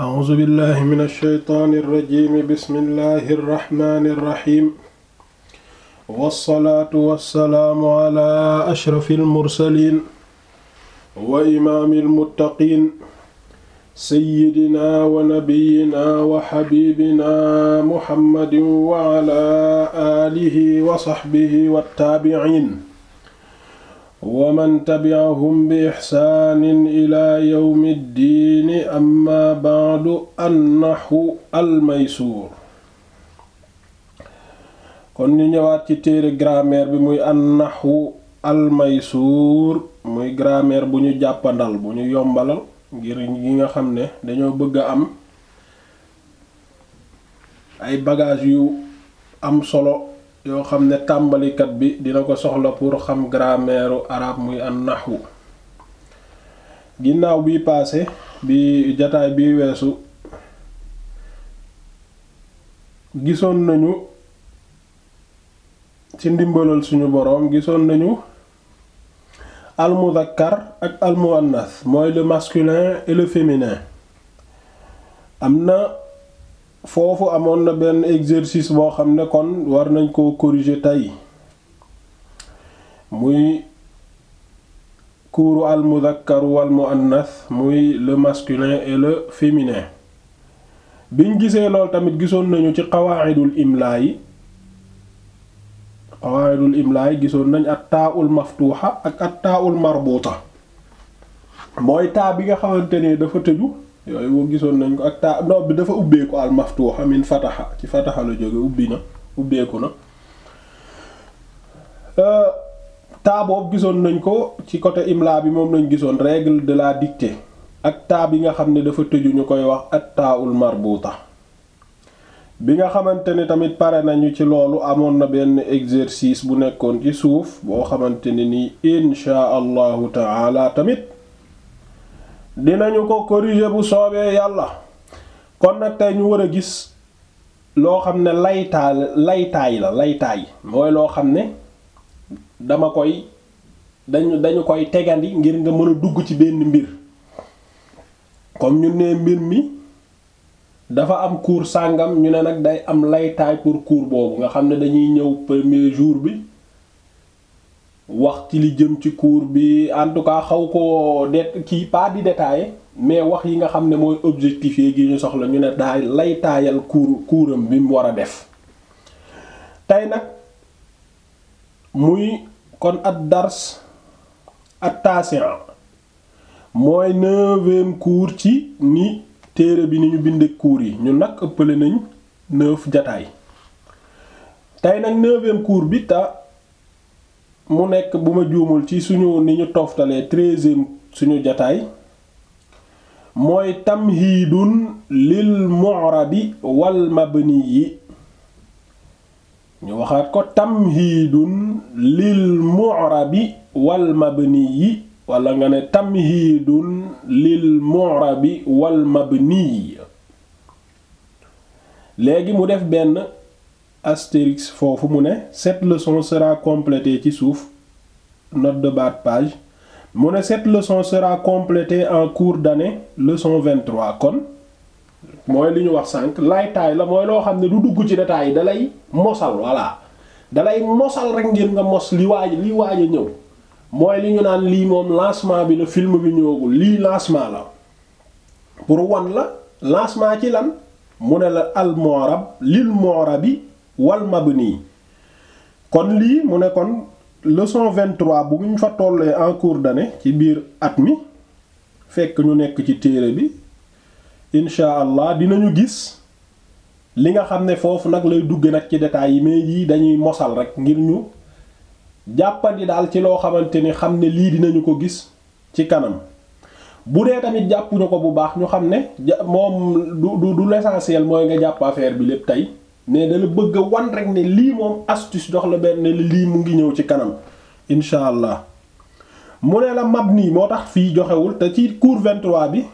أعوذ بالله من الشيطان الرجيم بسم الله الرحمن الرحيم والصلاة والسلام على أشرف المرسلين وإمام المتقين سيدنا ونبينا وحبيبنا محمد وعلى آله وصحبه والتابعين wa man tabi'ahum bi ixsaanin ila yawmi ddiini amma ba'du annahu almaysuur kon ñu ñëwaat ci téere grameer bi muy annahu almaysuur muy grammaire bu ñu jàppandal bu ñu yombalal ngir ñi nga xam ne dañoo bëgg a am ay bagage yu am solo yoo xam ne tàmbalikat bi dina ko soxla pour xam grammaire arabe muy an nahwu ginnaaw bi passé bi jataay bi weesu gisoon nañu ci ndimbalal suñu boroom gisoon nañu almuzakkar ak almuannas mooy le masculin et le féminin am na foofu amoon na benn exercice boo xam ne kon war nañ koo corriger tey muy kuuru al mudhakkar muy le masculin et le féminin biñ gisee lool tamit gisoon nañu ci qawaidul imla yi qawaidul gisoon nañ at taaul maftuha ak at taaul marbuta mooy taa bi nga xamante ne dafa tëju yooyu woo gisoon nañ ko ak taa noob bi dafa ubbeeku al maftuux amin fataxa ci fataxa la jóge ubbi na ubbeeku na euh, taa boobu gisoon nañ ko ci côté imla bi moom lañ gisoon règle de la dictée ak taa bi nga xam ne dafa tëju ñu koy wax ak at taaul marbuta bi nga xamante ni tamit pare nañu ci loolu amoon na benn exercice bu nekkoon ci suuf boo xamante ne nii insha allahu taala tamit dinañu ko corriger bu soobee yàlla kon nag tey ñu war a gis loo xam ne laytaa laytaay la laytaay mooy loo xam ne dama koy dañu dañu koy tegandi ngir nga mën a dugg ci benn mbir comme ñu ne mbir mi dafa am cours sàngam ñu ne nag day am laytaay pour cours boobu nga xam ne dañuy ñëw premier jour bi wax ci li jëm ci cours bi en tout cas xaw ko det ki paa di détaillé mais wax yi nga xam ne mooy objectif yi gi ñu soxla ñu ne daay lay taayal cours coursam bi mu war a def tey nag muy kon at dars at mooy neuvième cours ci ni téere bi ni ñu bindee cours yi ñu nag ëppale nañ neuf jataay tey nag neuvième cours bi ta mu nekk bu ma juumul ci suñu ni ñu toftalee treizième suñu jataay mooy tamhiidun lil mu'rabi wal mabniyi ñu waxaat ko tamhiidun lil mu'rabi wal yi walla nga ne tamhiidun lil mu'rabi wal mabniyi léegi mu def benn astérix foofu mu ne cette leçon sera complétée ci suuf note de bas de page mu ne cette leçon sera complétée en cours d'année leçon 23 kon mooy li ñu wax sànq laytaay la mooy loo xam ne du dugg ci détails yi dalay mosal voilà dalay mosal rek ngir nga mos li waaj li waaj a ñëw mooy li ñu naan lii moom lancement bi la film bi ñëwagul lii lancement la pour wan la lancement ci lan mu ne la al morab lil morabi wal mabni kon lii mu ne kon leçon 23 bu ñu fa tollee en cours d'année ci biir at mi fekk ñu nekk ci téere bi incha allah dinañu gis li nga xam ne foofu nag lay dugg nag ci détails yi mais yii dañuy mosal rek ngir ñu jàppandi daal ci loo xamante ni xam ne lii dinañu ko gis ci kanam bu dee tamit ñu ko bu baax ñu xam ne moom du du l'essentiel mooy nga jàpp affaire bi lépp tey mais dala bëgg wan rek ne lii moom astuce dox la benn lii mu ngi ñëw ci kanam incha allah mu ne la nii moo tax fii joxewul te ci cour 23 bi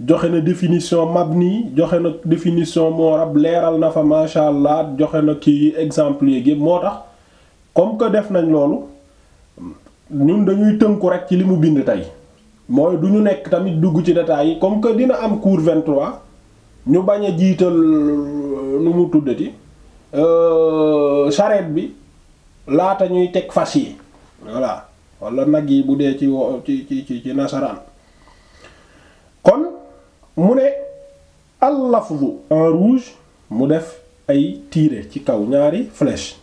joxe na définition mabni joxe na moo rab leeral na fa macha allah joxe na kii exemple yeeg moo tax comme que def nañ loolu ñun dañuy tënku rek ci li mu bind tey mooy du ñu nekk tamit dugg ci détails yi comme que dina am cours 23 ñu bañ a jiital. nu mu tuddati euh, charrette bi laata ñuy teg fas yi voilà wala nag yi bu dee ci wo ci ci ci nasaraan kon mu ne al-lafzu en rouge mu def ay tiret ci kaw ñaari flèche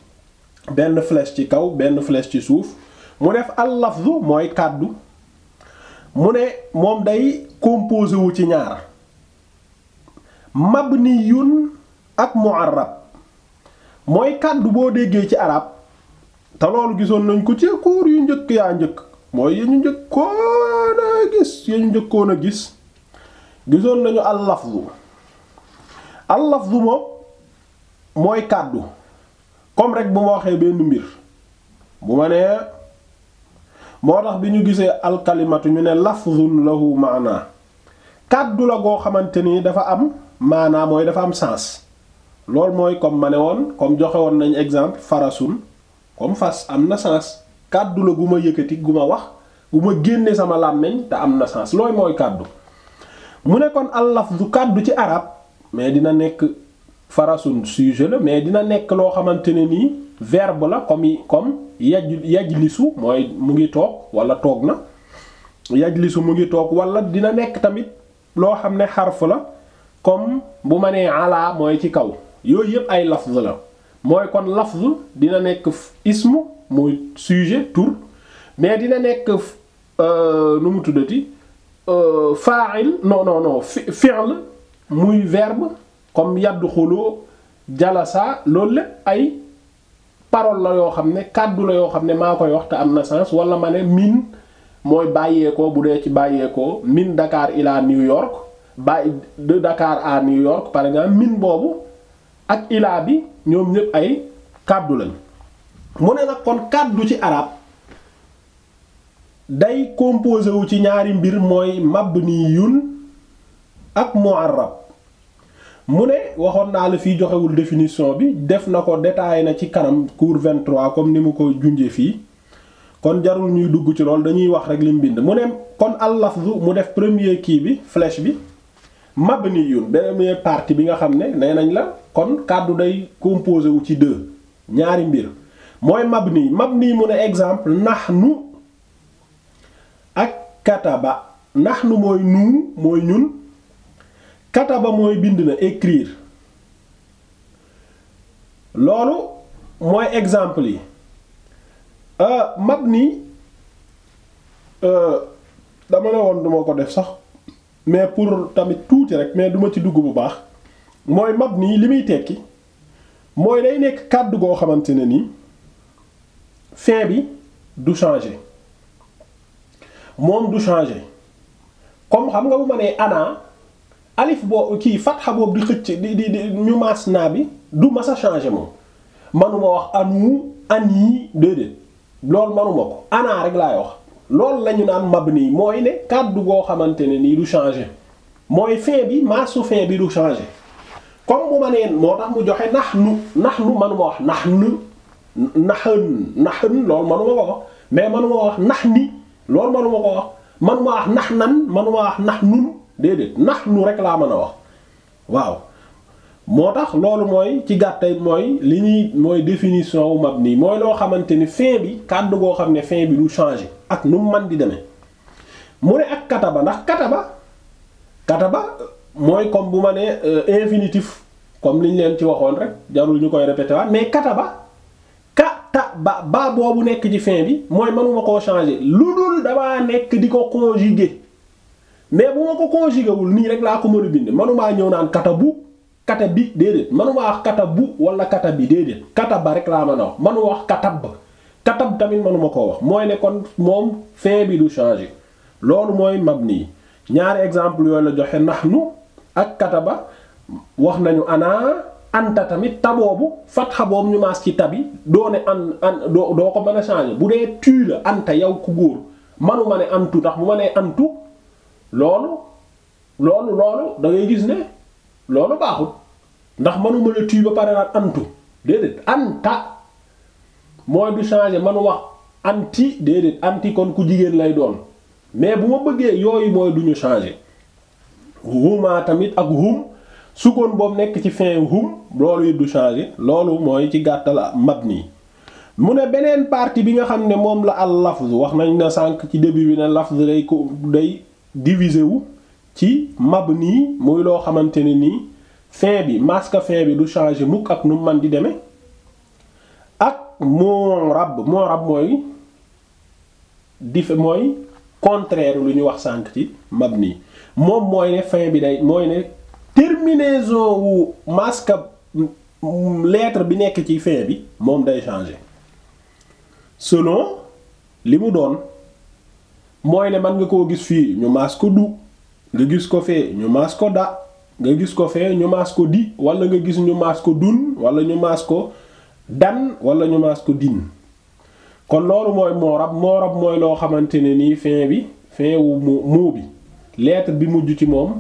benn flèche ci kaw benn flèche ci suuf mu def al mooy kàddu mu ne moom day composé wu ci ñaar mabniyun ak mu'arrab mooy kàddu boo déggee ci arab te loolu gisoon nañ ko ci cours yu njëkk yaa njëkk mooy ya ñu njëkkoon gis ya ñu njëkkoon a gis gisoon nañu al-lafzu al-lafzu moom mooy kàddu comme rek bu ma waxee benn mbir bu ma nee moo tax bi ñu gisee alkalimatu ñu ne lafzun lahu maana kàddu la goo xamante ni dafa am maanaa mooy dafa am sens loolu mooy comme ma ne woon comme joxe woon nañ exemple farasun comme fas am na sens kàddu la gu ma yëkkati wax gu ma génne sama làmmiñ te am na sens looy mooy kàddu mu ne kon allaf du kàddu ci arab mais dina nekk farasun sujet la mais dina nekk loo xamante ne nii verbe la comme comme yaj yajlisu mooy mu ngi toog wala toog na yajlisu mu ngi toog wala dina nekk tamit loo xam ne xarf la comme bu ma nee alaa mooy ci kaw yooyu yëpp ay lafz la mooy kon lafz dina nekk ismu mooy sujet tur mais dina nekk euh, nu mu tuddati euh, fa'il non non non fi'l muy verbe comme yadxulu jalasa loolu lépp ay parole la yoo xam ne kàddu la yoo xam ne maa koy wax te am na sens wala ma ne min mooy bàyyeekoo bu dee ci bàyyeekoo min dakaar ila New York bàyyi de Dakar à New York par exemple min boobu ak ilaa bi ñoom ñëpp ay kàddu lañ mu ne nag kon kàddu ci arab day composé wu ci ñaari mbir mooy yul ak mu'arrab mu ne waxoon naa la fii joxewul définition bi def na ko détaillé na ci kanam cours 23 comme ni mu ko junjee fii kon jarul ñuy dugg ci lool dañuy wax rek lim bind mu ne kon al-lafzu mu def premier kii bi flèche bi màbb ni mabniyun beneen partie bi nga xam ne nee nañ la kon kàddu day composé wu ci deux ñaari mbir mooy mab mabni mabni mu ne exemple nahnu ak kataba nahnu mooy nuu mooy ñun kataba mooy bind na écrire loolu mooy exemple yi euh, mabni euh, dama ne woon duma ko def sax mais pour tamit tuuti rek mais duma ci dugg bu baax mooy mabni li muy tekki mooy day nekk kàddu goo xamante ne nii fin bi du changer moom du changer comme xam nga bu ma nee ana alif boo kii fatxa boobu di xëcc di di di ñu maas naa bi du ma a changer moom manuma wax anu an yi déedéet loolu manuma ko ana rek laay wax loolu lañu naan mabni mooy ne kàddu goo xamante ne nii du changer mooy fin bi maasu fin bi du changer comme bu ma neen moo tax mu joxe nax nu nax nu manuma wax nax nu naxën naxën loolu wax mais manuma wax nax ni loolu manuma ko wax manuma wax nax nan manuma wax nax nun déedéet nax nu rek laa mën a wax waaw moo tax loolu mooy ci gàttay mooy li ñuy mooy définition wu mab nii mooy loo xamante ni fin bi kàddu goo xam ne fin bi du changer ak nu man di deme mu ne ak kataba ndax kata kataba mooy comme bu ma ne euh, infinitif comme liñ leen ci waxoon rek jarul ñu koy répété waat mais kataba kata ba ba boobu nekk ci fin bi mooy manuma koo changer lu dul damaa nekk di ko conjuguer mais bu ma ko conjuguer wul nii rek laa ko mën a bind manumaa ñëw naan katabu kata bi déedéet manumaa wax katabu wala kata bi déedéet kataba rek laa mën a wax manuma wax katab katab tamit manuma koo wax mooy ne kon moom fin bi du changer loolu mooy mabni ñaari exemple yooyu la joxe nahnu ak kataba wax nañu ana anta tamit taboobu fatxa boobu ñu maas ci tabi doo ne an doo ko mën a changer bu dee tuy la anta yow ku góor manu ma ne antu ndax mu ma nee antu loolu loolu loolu dangay gis ne loolu baaxul ndax manu ma ne tuy ba pare naan antu déedéet anta mooy du changer manu wax anti déedéet anti kon ku jigéen lay doon mais bu ma bëggee yooyu mooy duñu ñu changer huma tamit ak hum sukkoon boobu nekk ci fin hum loolu yi du changer loolu mooy ci gàttal mabni mu ne beneen partie bi nga xam ne moom la al lafz wax nañ na sànq ci début bi ne lafz day ko day diviser wu ci mabni muy loo xamante ne nii fin bi masque fin bi du changer mukk ak nu man di deme ak mu'rab mu'rab mooy dif mooy contraire lu ñu wax sànq ci mabni moom mooy ne fin bi day mooy ne terminaison wu masque lettre bi nekk ci fin bi moom day changer selon li mu doon mooy ne man nga koo gis fii ñu maas ko du nga gis ko fee ñu maas ko da nga gis ko fee ñu maas ko di walla nga gis ñu maas ko dun wala ñu maas ko dan wala ñu maas ko din kon loolu mooy moorab moorab mooy loo xamante ne nii fin bi fin wu mu bi leetre bi mujj ci moom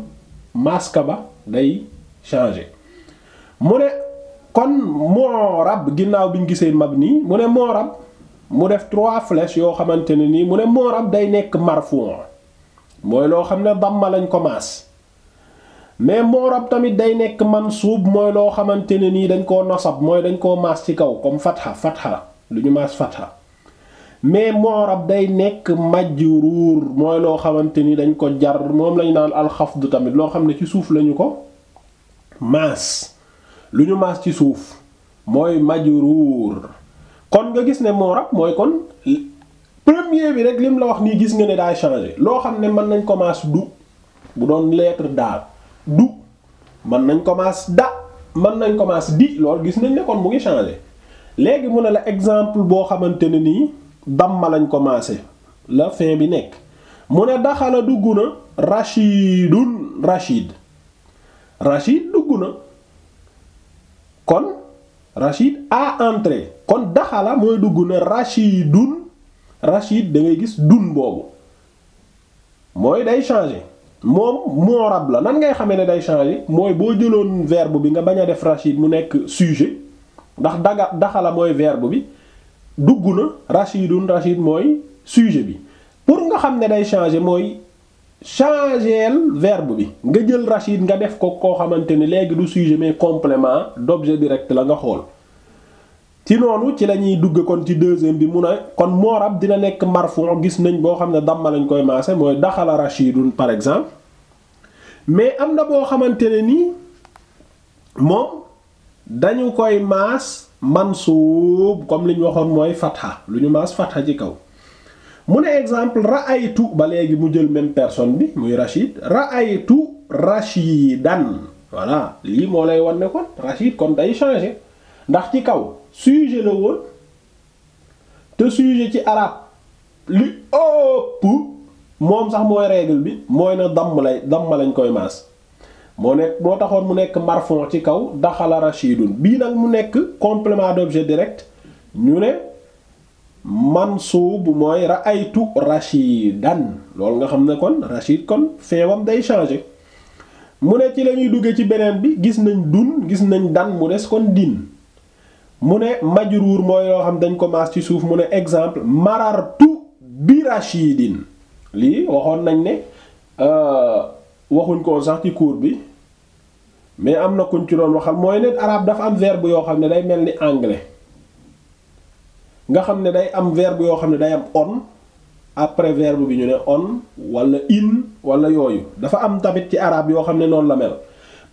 maska ba day changer mu ne kon moorab ginnaaw bi gisee mag nii mu ne moorab mu def troit flèches yoo xamante ne nii mu ne moorab day nekk marfuu mooy loo xam ne damma lañ ko maas mais moorab tamit day nekk man suub mooy loo xamante ne nii dañ koo nosab mooy dañ koo maas ci kaw comme fatha fatha lu ñu maas fatha mais moo mu'rab day nekk ruur mooy loo xamante ni dañ ko jar moom lañ naan alxafdu tamit loo xam ne ci suuf lañu ko maas lu ñu maas ci suuf mooy majruur kon nga gis ne mu'rab mooy kon premier bi rek lim la wax nii gis nga ne daay changer loo xam ne mën nañ ko maas du bu doon lettre daal du mën nañ ko maas da mën nañ ko maas di loolu gis nañ ne kon mu ngi changer léegi mu ne la exemple boo xamante ne nii. damma lañ commencé la fin bi nekk mu ne daxala dugg na rachidun rachid rachid dugg na kon rachid a entré kon daxala mooy dugg na rachidun rachid da ngay gis dun boobu mooy day changer moom rab la nan ngay xamee ne day changer mooy boo jëloon verb bi nga bañ a def rachid mu nekk sujet ndax daga daxala mooy verbe bi dugg na rachidun rachid mooy sujet bi pour nga xam ne day changer mooy changer verbe bi nga jël rachid nga def ko koo xamante ni léegi du sujet mais complement d'objet direct la nga xool ci noonu ci la ñuy dugg kon ci deuxième bi mu ne kon moorab dina nekk marfu gis nañ boo xam ne damma lañ koy maase mooy daxala rachidun par exemple mais am na boo xamante ne ni moom dañu koy maas man mansuub comme li ñu waxoon mooy fatha lu ñu maas fatha ci kaw mu ne exemple ra'aytu ba léegi mu jël même personne bi muy Rachid ra'aytu Rachidan voilà lii moo lay wan nekkoon kon kon day changer ndax ci kaw sujet la woon te sujet ci arab li ëpp moom sax mooy règle bi mooy na damm lay damm lañ koy maas moo nekk moo taxoon mu nekk marfon ci kaw daxala rashidun bii nag mu nekk complément d'objet direct ñu ne mansuub mooy ra'aytu rashidan loolu nga xam ne kon rashid kon feewam day changer mu ne ci lañuy duggee ci beneen bi gis nañ dun gis nañ dan mu des kon din mu ne majruur mooy yoo xam dañ ko maas ci suuf mu ne exemple marartu bi rashidin lii waxoon nañ ne euh, waxuñ koon woon sax ci cours bi mais am na kuñ ci doon waxal mooy ne arabe dafa am verbe yoo xam ne day mel ni anglais nga xam ne day am verbe yoo xam ne day am on après verbe bi ñu ne on wala in wala yooyu dafa am tamit ci arabe yoo xam ne noonu la mel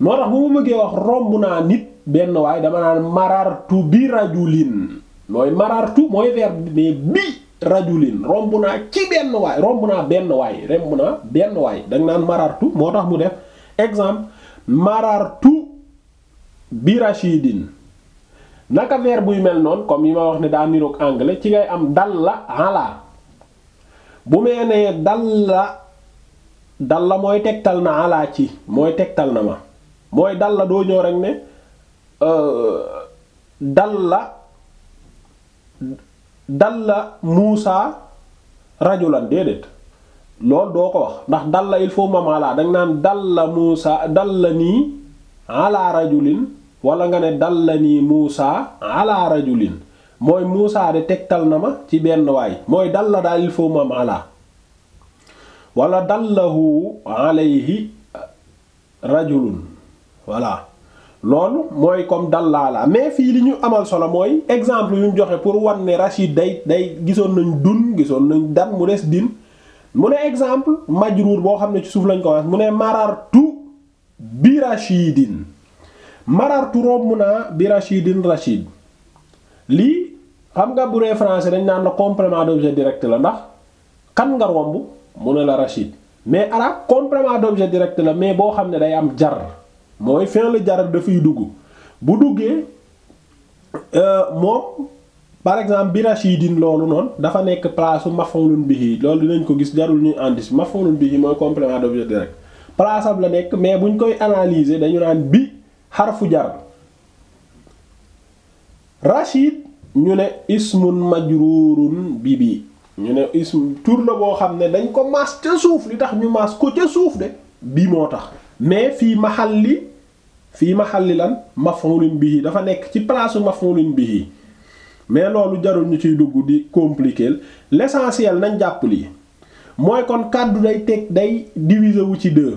moo tax bu mu bëggee wax romb naa nit benn waaye dama naan marartu bi rajulin mooy marartu mooy verbe bi mais bi rajulin romb naa ci benn waay romb naa benn waay romb naa benn waay danga naan marartu moo tax mu def exemple marartu bi rashidin naka verbe buy mel noon comme yi ma wax ne daa niroog anglais ci ngay am dalla ala bu mee nee dalla dalla mooy tegtal na ala ci mooy tegtal na ma mooy dalla doo ñëw rek ne euh, dalla dalla muusa la déedéet loolu doo ko wax ndax dal la il faut mamala danga naan dal la muusa dal la nii ala rajulin wala nga ne dal la nii muusa ala rajulin mooy muusa de tegtal na ma ci benn waay mooy dal la daal il faut mamala wala dallahu alayhi rajulun voilà loolu mooy comme dallaa la mais fii li ñu amal solo mooy exemple yu ñu joxe pour wan ne Rachid day day gisoon nañ dun gisoon nañ dan mu des din mu ne exemple majruur boo xam ne ci suuf lañ ko wax mu ne marartu bi rachidin marartu romb naa bi rachidin rachid lii xam nga bu dee français dañ naan la complément d'objet direct la ndax kan nga romb mu ne la rachid mais arabe complément d'objet direct la mais boo xam ne day am jar mooy fin la jar dafay dugg bu duggee euh, moom par exemple bi rashidin loolu noonu dafa nekk place maf'ulun bihi loolu dinañ ko gis jarul ñuy andis maf'ulun bihi mooy complément d'objet direct place am la nekk mais buñ koy analyser dañu naan bi xarfu jar rashid ñu ne ismun majrurun bi bi ñu ne ism tur la boo xam ne dañ ko maas ca suuf li tax ñu maas ko ca suuf de bii moo tax mais fii mahalli fii ma mahalli lan maf'ulun bii dafa nekk ci place maf'ulun bihi mais loolu jarul ñu ciy dugg di compliquer l'essentiel nañ jàpp lii mooy kon kàddu day teg day diviser wu ci deux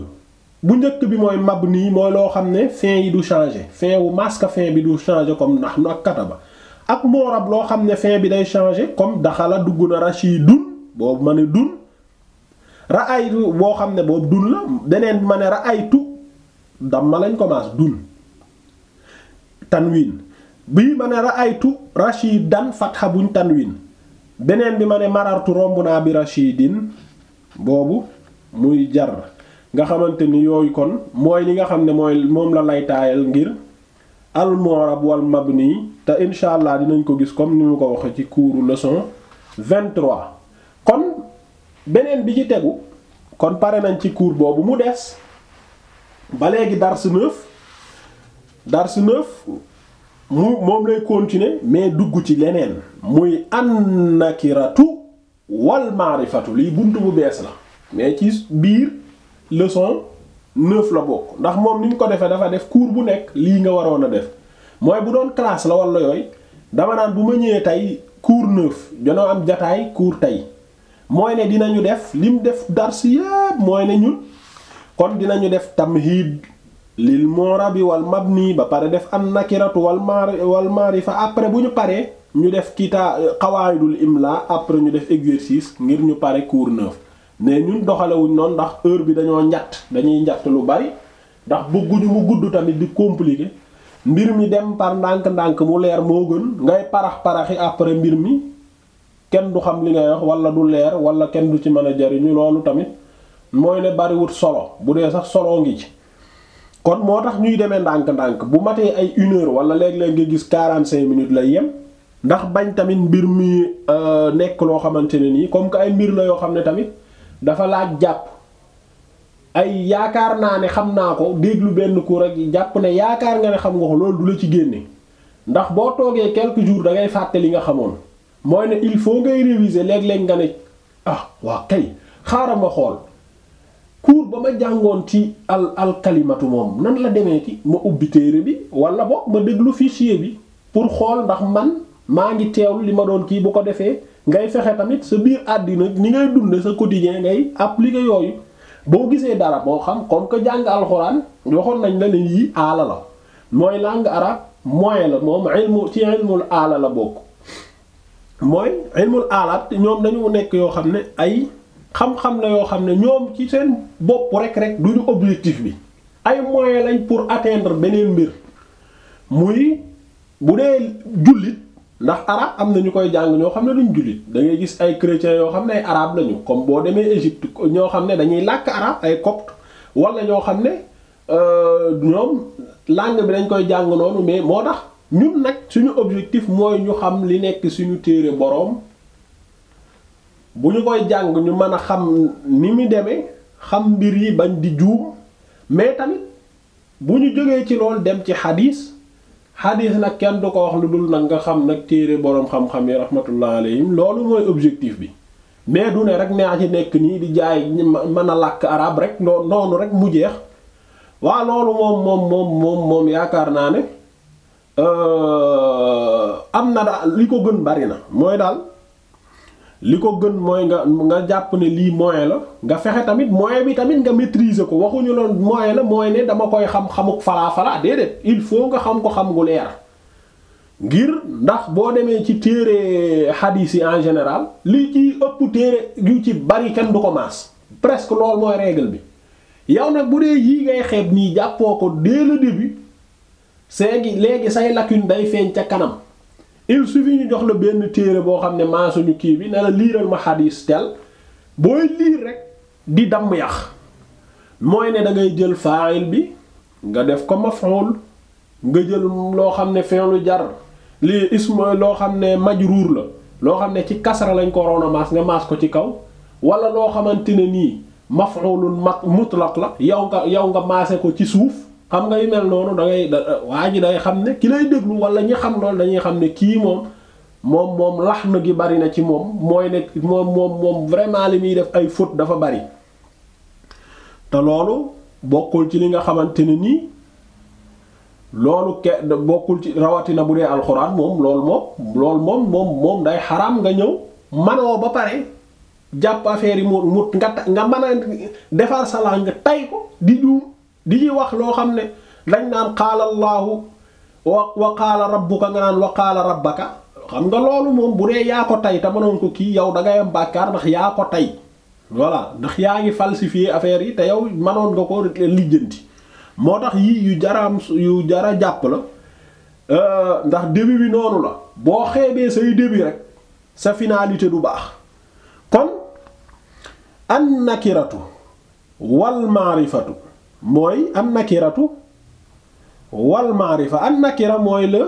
bu njëkk bi mooy mab nii mooy loo xam ne fin yi du changer fin wu maska fin bi du changer comme nahnu ak kataba ak moorab loo xam ne fin bi day changer comme daxala dugg na rashidun boobu ma ne dul ra'aytu boo xam ne boobu dun la beneen bi ma ne ra'aytu dam lañ commence dun bii ma ne ra'aytu rashidan fatha buñ tanwin beneen bi ma ne marartu romb naa bi rashidin boobu muy jar nga xamante ni yooyu kon mooy li nga xam ne mooy moom la laytaayal ngir al mu'rab mab mabni te incha allah dinañ ko gis comme ni mu ko waxee ci cours leçon 23 kon beneen bi ci tegu kon pare nañ ci cours boobu mu des ba léegi dars neuf dars neuf mu moom lay continuer mais dugg ci leneen muy annakiratu wal maarifatu lii bunt bu bees la mais ci biir leçon neuf la bokk ndax moom ni ñu ko defee dafa def cours bu nekk lii nga waroon a def mooy bu doon classe la walla yooyu dama naan bu ma ñëwee tey cours neuf danoo am jataay cours tey mooy ne dinañu def lim def darsi yépp mooy ne ñu kon dinañu def tamhid lil morabi wal mabni ba pare def an nakiratu wal mar yi fa après bu ñu paree ñu def kitaa xawaayidul imla après ñu def exercice ngir ñu pare cours neuf mais ñun doxalewuñ noonu ndax heure bi dañoo njatt dañuy njatt lu bari ndax bëgguñu mu gudd tamit di compliquer mbir mi dem par ndànk-ndànk mu leer moo gën ngay parax-paraxi après mbir mi kenn du xam li ngay wax wala du leer wala kenn du ci mën a ñu loolu tamit mooy ne bariwut solo bu dee sax solo ngi ci kon moo tax ñuy demee ndànk-ndànk bu matee ay une heure wala léeg-léeg nga gis quarante cinq minutes lay yem ndax bañ tamit mbir mi euh, nekk loo xamante ne nii comme que ay mbir la yoo xam ne tamit dafa laaj jàpp ay yaakaar naa ne xam naa ko déglu benn cours rek jàpp ne yaakaar nga ne xam nga ko loolu du la ci génne ndax boo toogee quelques jours da ngay fàtte li nga xamoon mooy ne il faut ngay réviser léeg-léeg nga ne ah waa kay xaaral ma xool. cours ba ma jàngoon ci al alkalimatu moom nan la demee ci ma ubbi téere bi wala boog ma déglu fichier bi pour xool ndax man maa ngi teewlu li ma doon kii bu ko defee ngay fexe tamit sa biir àddina ni ngay dunde sa quotidien ngay appliquer yooyu boo gisee dara boo xam comme que jàng alxuraan waxoon nañ la ne yii aala la mooy langue arabe moyen la moom ilmu ci ilmul aala la bokk mooy ilmul aalaat ñoom dañu nekk yoo xam ne ay xam-xam la yoo xam ne ñoom ci seen bopp rek rek duñu objectif bi ay moyens lañ pour atteindre beneen mbir muy bu dee jullit ndax arab am na ñu koy jàng ñoo xam ne duñ jullit da ngay gis ay chrétiens yoo xam ne ay arab lañu comme boo demee Égypte ñoo xam ne dañuy làkk arab ay copte walla ñoo xam ne euh, ñoom langue bi dañ koy jàng noonu mais moo tax ñun nag suñu objectif mooy ñu xam li nekk suñu téere boroom bu ñu koy jàng ñu mën a xam ni muy demee xam mbir yi bañ di juum mais tamit bu ñu jógee ci lool dem ci xadiis xadiis nag kenn du ko wax lu dul nag nga xam nag téere boroom xam-xam yi rahmatullah alayhim loolu mooy objectif bi mais du ne rek neex ci nekk nii di jaay mën a làkk arab rek loo noonu rek mu jeex waa loolu moom moom moom moom moom yaakaar naa ne euh, am na daal li ko gën bari na mooy daal li ko gën mooy nga nga jàpp ne lii moyen la nga fexe tamit moyen bi tamit nga maîtriser ko waxuñu loon moyen la mooy ne dama koy xam xamuk falaa falaa déedéet il faut nga xam ko xam gu leer ngir ndax boo demee ci téere hadith yi en général li ci ëpp téere yu ci bari kenn du ko maas presque loolu mooy régle bi yow nag bu dee yii ngay xeet nii jàppoo ko dès le début seegi léegi say lacune day feeñ ca kanam il suffit ñu jox la benn téere boo xam ne maa suñu kii bi ne la liiral ma xadis tel booy liir rek di damm yax mooy ne dangay jël fa'il bi nga def ko maf'ul nga jël loo xam ne fi'lu jar li isma loo xam ne majruur la loo xam ne ci kasra lañ ko waroon nga maas ko ci kaw wala loo xamante ne nii maf'ulun mutlaq la yow nga yow nga maase ko ci suuf xam nga yu mel noonu da ngay waa ji day xam ne ki lay déglu wala ñi xam loolu dañuy xam ne kii moom moom moom lax na gi bari na ci moom mooy moom moom moom vraiment li muy def ay faute dafa bari te loolu bokkul ci li nga xamante ne nii loolu ke bokkul ci rawatina bu dee alxuraan moom loolu moom loolu moom day xaraam nga ñëw manoo ba pare jàpp affaire yi mu mu nga nga mën a defar sa langue tay ko di juum di ci wax loo xam ne dañ naan qaala allahu wa wa qaala rabbuka nga naan wa rabbaka xam nga loolu moom bu dee yaa ko tay te mënoon ko kii yow dangay ngay am bàkkaar ndax yaa ko tay voilà ndax yaa ngi falsifier affaire yi te yow manoon nga ko lijjanti moo tax yii yu jaraam yu jara jàpp la euh, ndax début bi noonu la boo xeebee say début rek sa finalité du baax kon an wal maarifatu mooy an nakiratu wal maarifa an nakira mooy le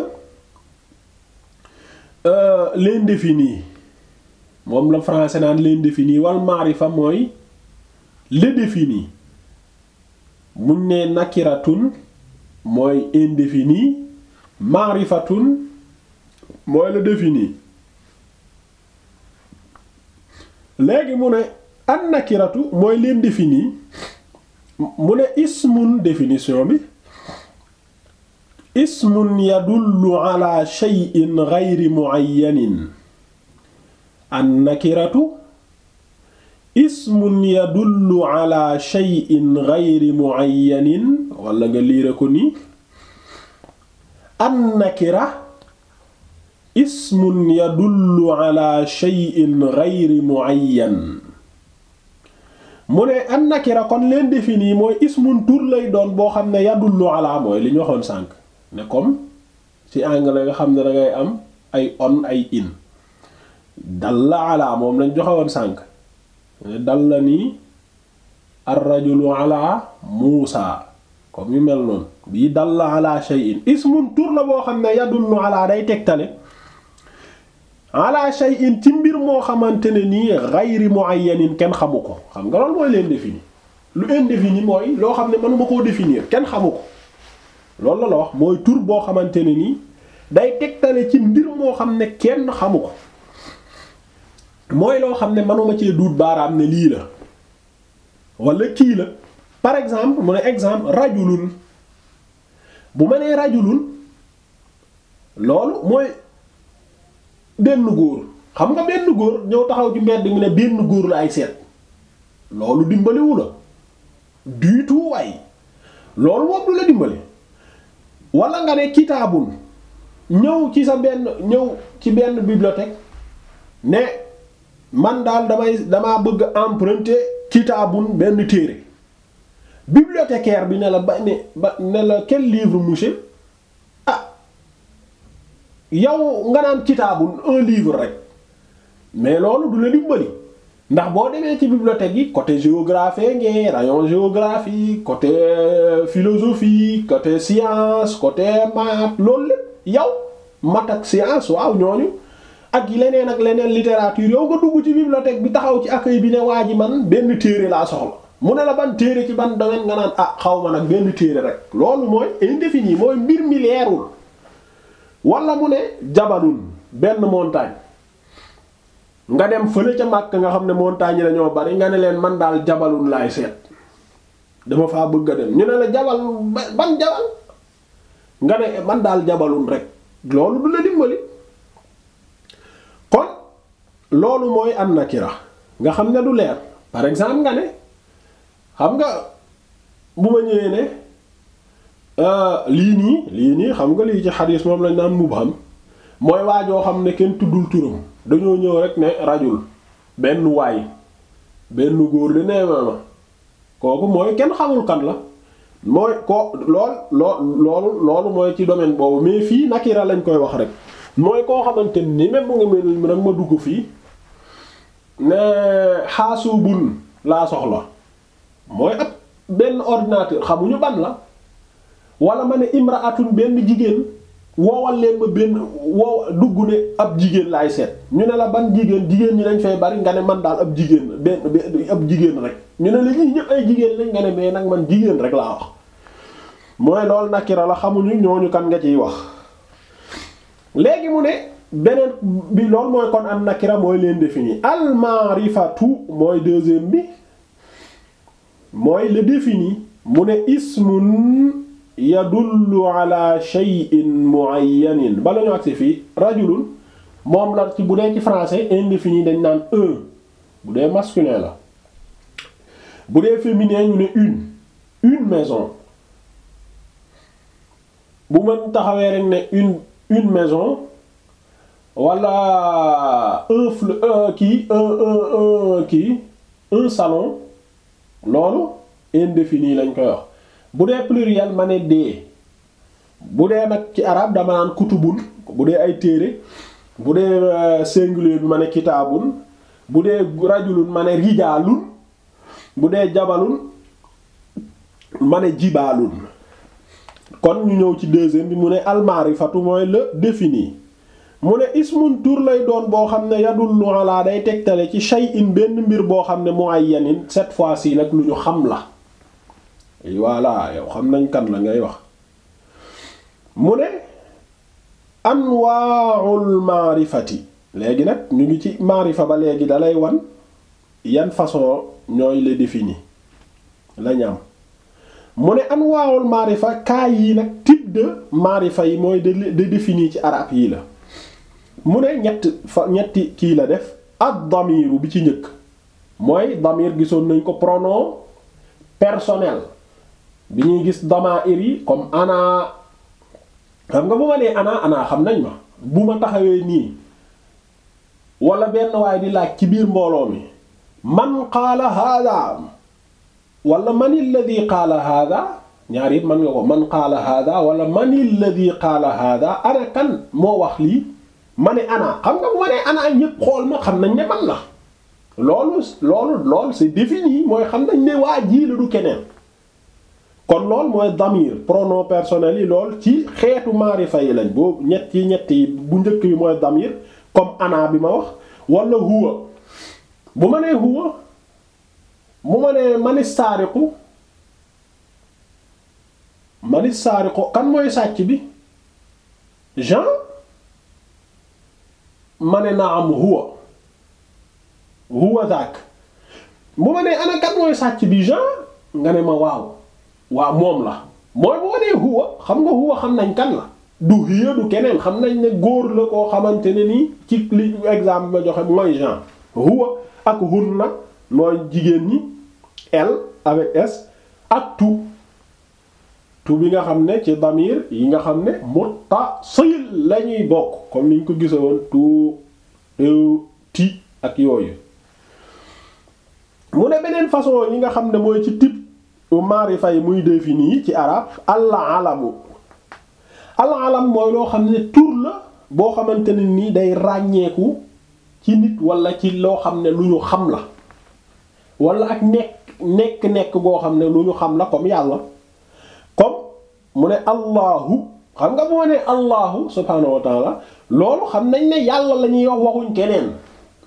euh, l'indéfini moom la français naan l'indéfini wal maarifa mooy le défini muñ ne nakiratun mooy indéfini maarifatun mooy le défini léegi mu ne an nakiratu mooy l'indéfini mu ne ismun définition bi ismun yadullu ala shay'in ghayri mu'ayyanin an-nakiratu ismun yadullu ala shay'in ghayri mu'ayyanin wala nga liire ko nii an-nakira mu ne an nakira kon leen défini mooy ismun tur lay doon boo xam ne yadullu ala mooy li ñu waxoon sànq ne comme ci anglais nga xam ne dangay am ay on ay in dalla ala moom lañ joxewoon woon sànq ne la nii ar-rajulu Muusa comme yu mel noonu bii dalla ala shay'in ismun tur la boo xam ne yadullu ala day tegtale ala shay'in ci mbir moo xamante ne nii ghayri mu'ayyanin kenn xamu ko xam nga loolu mooy l'indéfini lu indéfini mooy loo xam ne mënuma koo définir kenn xamu ko loolu la mooy tur boo xamante ne nii day tegtale ci mbir moo xam ne kenn xamu mooy loo xam ne mënuma cee duut baaraam lii la wala kii la par exemple mu ne exemple rajulun bu ma nee rajulun loolu mooy. benn góor xam nga benn góor ñëw taxaw ci mbedd mu ne benn góor la ay seet loolu dimbaliwula la tuuwaay loolu moom du la dimbali walla nga ne kitaabul ñëw ci sa benn ñëw ci benn bibliothèque ne man daal damay damaa bëgg emprunter kitaabul benn téere bibliothécaire bi ne la ba ne ba ne la quel livre monsieur yow nga naan kitaabun un livre rek mais loolu du la dimbali ndax boo demee ci bibliothèque gi côté géographie ngee rayon géographie côté euh, philosophie côté science côté math loolu lépp yow math ak science waaw ñooñu ak leneen ak leneen littérature yow nga dugg ci bibliothèque bi taxaw ci accueil bi ne waa ji man benn téere laa soxla mu ne la ban téere ci ban domaine nga naan ah xaw ma nag benn téere rek loolu mooy indéfini mooy mbir mi wala mu ne jabalun benn montagne nga dem fële ca Makka nga xam ne montagne yi dañoo bari nga ne leen man daal jabalun laay seet dama faa bëgg a dem ñu ne la jabal ban jabal nga ne man daal jabalun rek loolu du la dimbali kon loolu mooy an nakira nga xam ne du leer par exemple nga ne xam nga bu ma ñëwee ne Euh, lii nii lii nii xam nga lii ci xadis moom lañ daan naan mubham mooy waajoo xam ne kenn tuddul turam dañoo ñëw rek ne rajul benn waay benn góor li nee ma kooku mooy kenn xamul kan la mooy ko loolu loolu mooy ci domaine boobu mais fii nakira lañ koy wax rek mooy koo xamante ni même mu ngi mel nag ma dugg fii ne xaasubun laa soxla mooy ab benn ordinateur xamuñu ban la wala ma ne imraatun benn jigéen woowal leen ma benn woo dugg ne ab jigéen laay set ñu ne la ban jigéen jigéen ñi dañ fay bari nga ne man daal ab jigéen benn ab jigéen rek ñu ne la ñuy ñëpp ay jigéen lañ nga ne mais nag man jigéen rek laa wax mooy loolu nakira la xamuñu ñooñu kan nga ciy wax léegi mu ne beneen bi loolu mooy kon am nakira mooy leen défini al ma'rifatu mooy deuxième bi mooy le défini mu ne ismun yadullu ala shay'in mu'ayyanin bala ñu agsi fii rajulun moom la ci bu dee ci français indéfini dañ naan un bu dee masculin la bu dee féminin ñu ne une une maison bu mën taxawee rek ne une maison wala un fl un un un salon loolu indéfini lañ koy wax bu dee pluriel ma ne dee bu dee nag ci arab dama naan kutubun bu dee ay téere bu dee euh, singulier bi ma ne kitaabun bu dee rajulun ma ne rijaalun bu dee jabalul ma ne jibaalun kon ñu ñëw ci deuxin bi mu ne almaarifatu mooy la défini mu ne ismun tur lay doon boo xam ne yadullu ala day tegtale ci shay'in benn mbir boo xam ne muayyanin cette fois-ci nag lu ñu xam la voilà yow xam nañ kan la ngay wax mu ne anwaa'ul maarifati léegi nag ñu ngi ci maarifa ba léegi dalay wan yan façon ñooy les définir la ñam mu ne anwaa'ul maarifa kaay yi nag type de maarifa yi mooy de de ci arab yii la mu ne ñett fa ñetti kii la def ad-damiru bi ci njëkk mooy damir gisoon nañ ko prono personnel bi ñuy gis damair yi comme ana xam nga bu ma nee ana ana xam nañ ma bu ma taxawee nii walla benn waaye di laaj ci biir mbooloo mi man qaala hada wala man alladhi qaala hada ñaar it man wala man alladhi qaala hada kan moo wax lii ma ne ana xam nga bu ma nee ana ñépp xool ma xam nañ ne man la loolu loolu loolu c'est défini mooy xam nañ ne waa ji la du keneen kon lool mooy damir prono personnel yi lool ci xeetu maarifa yi lañ boobu ñett yi ñett yi bu njëkk bi mooy damir comme ana bi ma wax wala huwa bu ma nee huwa mu ma nee manis saariqu manis saariqu kan mooy sàcc bi Jean ma ne naam huwa huwa zaak bu ma nee ana kan mooy sàcc bi Jean nga ne ma waaw waaw moom la mooy boo nee huwa xam nga huwa xam nañ kan la du hiya du keneen xam nañ ne góor la koo xamante ne nii ci li exemple ma joxe mooy genre huwa ak hunna mooy jigéen ñi L avec S ak tu tu bi nga xam ne ci damir yi nga xam ne muttasil lañuy bokk comme niñ ko gisa woon tu tew ti ak yooyu mu ne beneen façon yi nga xam ne mooy ci type maarifa fay muy défini ci arab al-alamu al-alam mooy loo xam ne tur la boo xamante ne nii day ràññeeku ci nit walla ci loo xam ne lu ñu xam la wala ak nekk nekk goo xam ne lu xam la comme yàlla comme mu ne allahu xam nga boo ne allahu subhaanahu wa loolu xam nañ ne yàlla la ñuy wax waxuñ keneen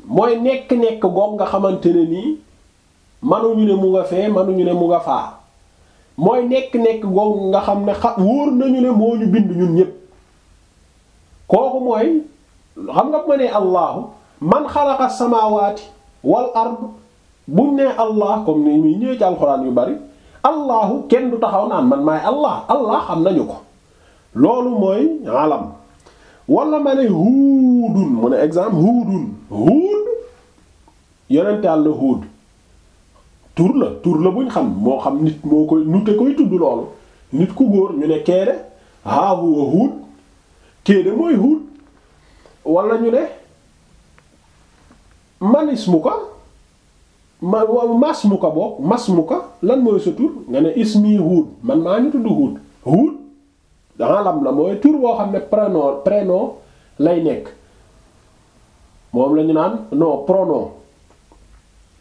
mooy nekk nekk goog nga xamante ne nii manuñu ne mu nga fee ñu ne mu nga faa mooy nekk-nekk googu nga xam ne xa wóor nañu ne moo ñu bind ñun ñépp kooku mooy xam nga bu ma nee allahu man xalaqa samaawaati wal ard buñ nee allah comme ni muy ñëwee ci alxuraan yu bari allahu kenn du taxaw naan man maay allah allah xam nañu ko loolu mooy alam wala ma ne huudun mu ne exemple huudun huud yonent Yàlla huud tur la tur la buñ xam moo xam nit moo koy nute koy tudd loolu nit ku góor ñu ne keede haa huwa huut kéede mooy huut wala ñu ne manis mu ka ma mas mu ka bokk mas mu lan mooy sa tur nga ne ismi huut man maa ñu tudd huut huut danga lam la mooy tur boo xam ne prénom preno lay nekk moom lañu naan non pronom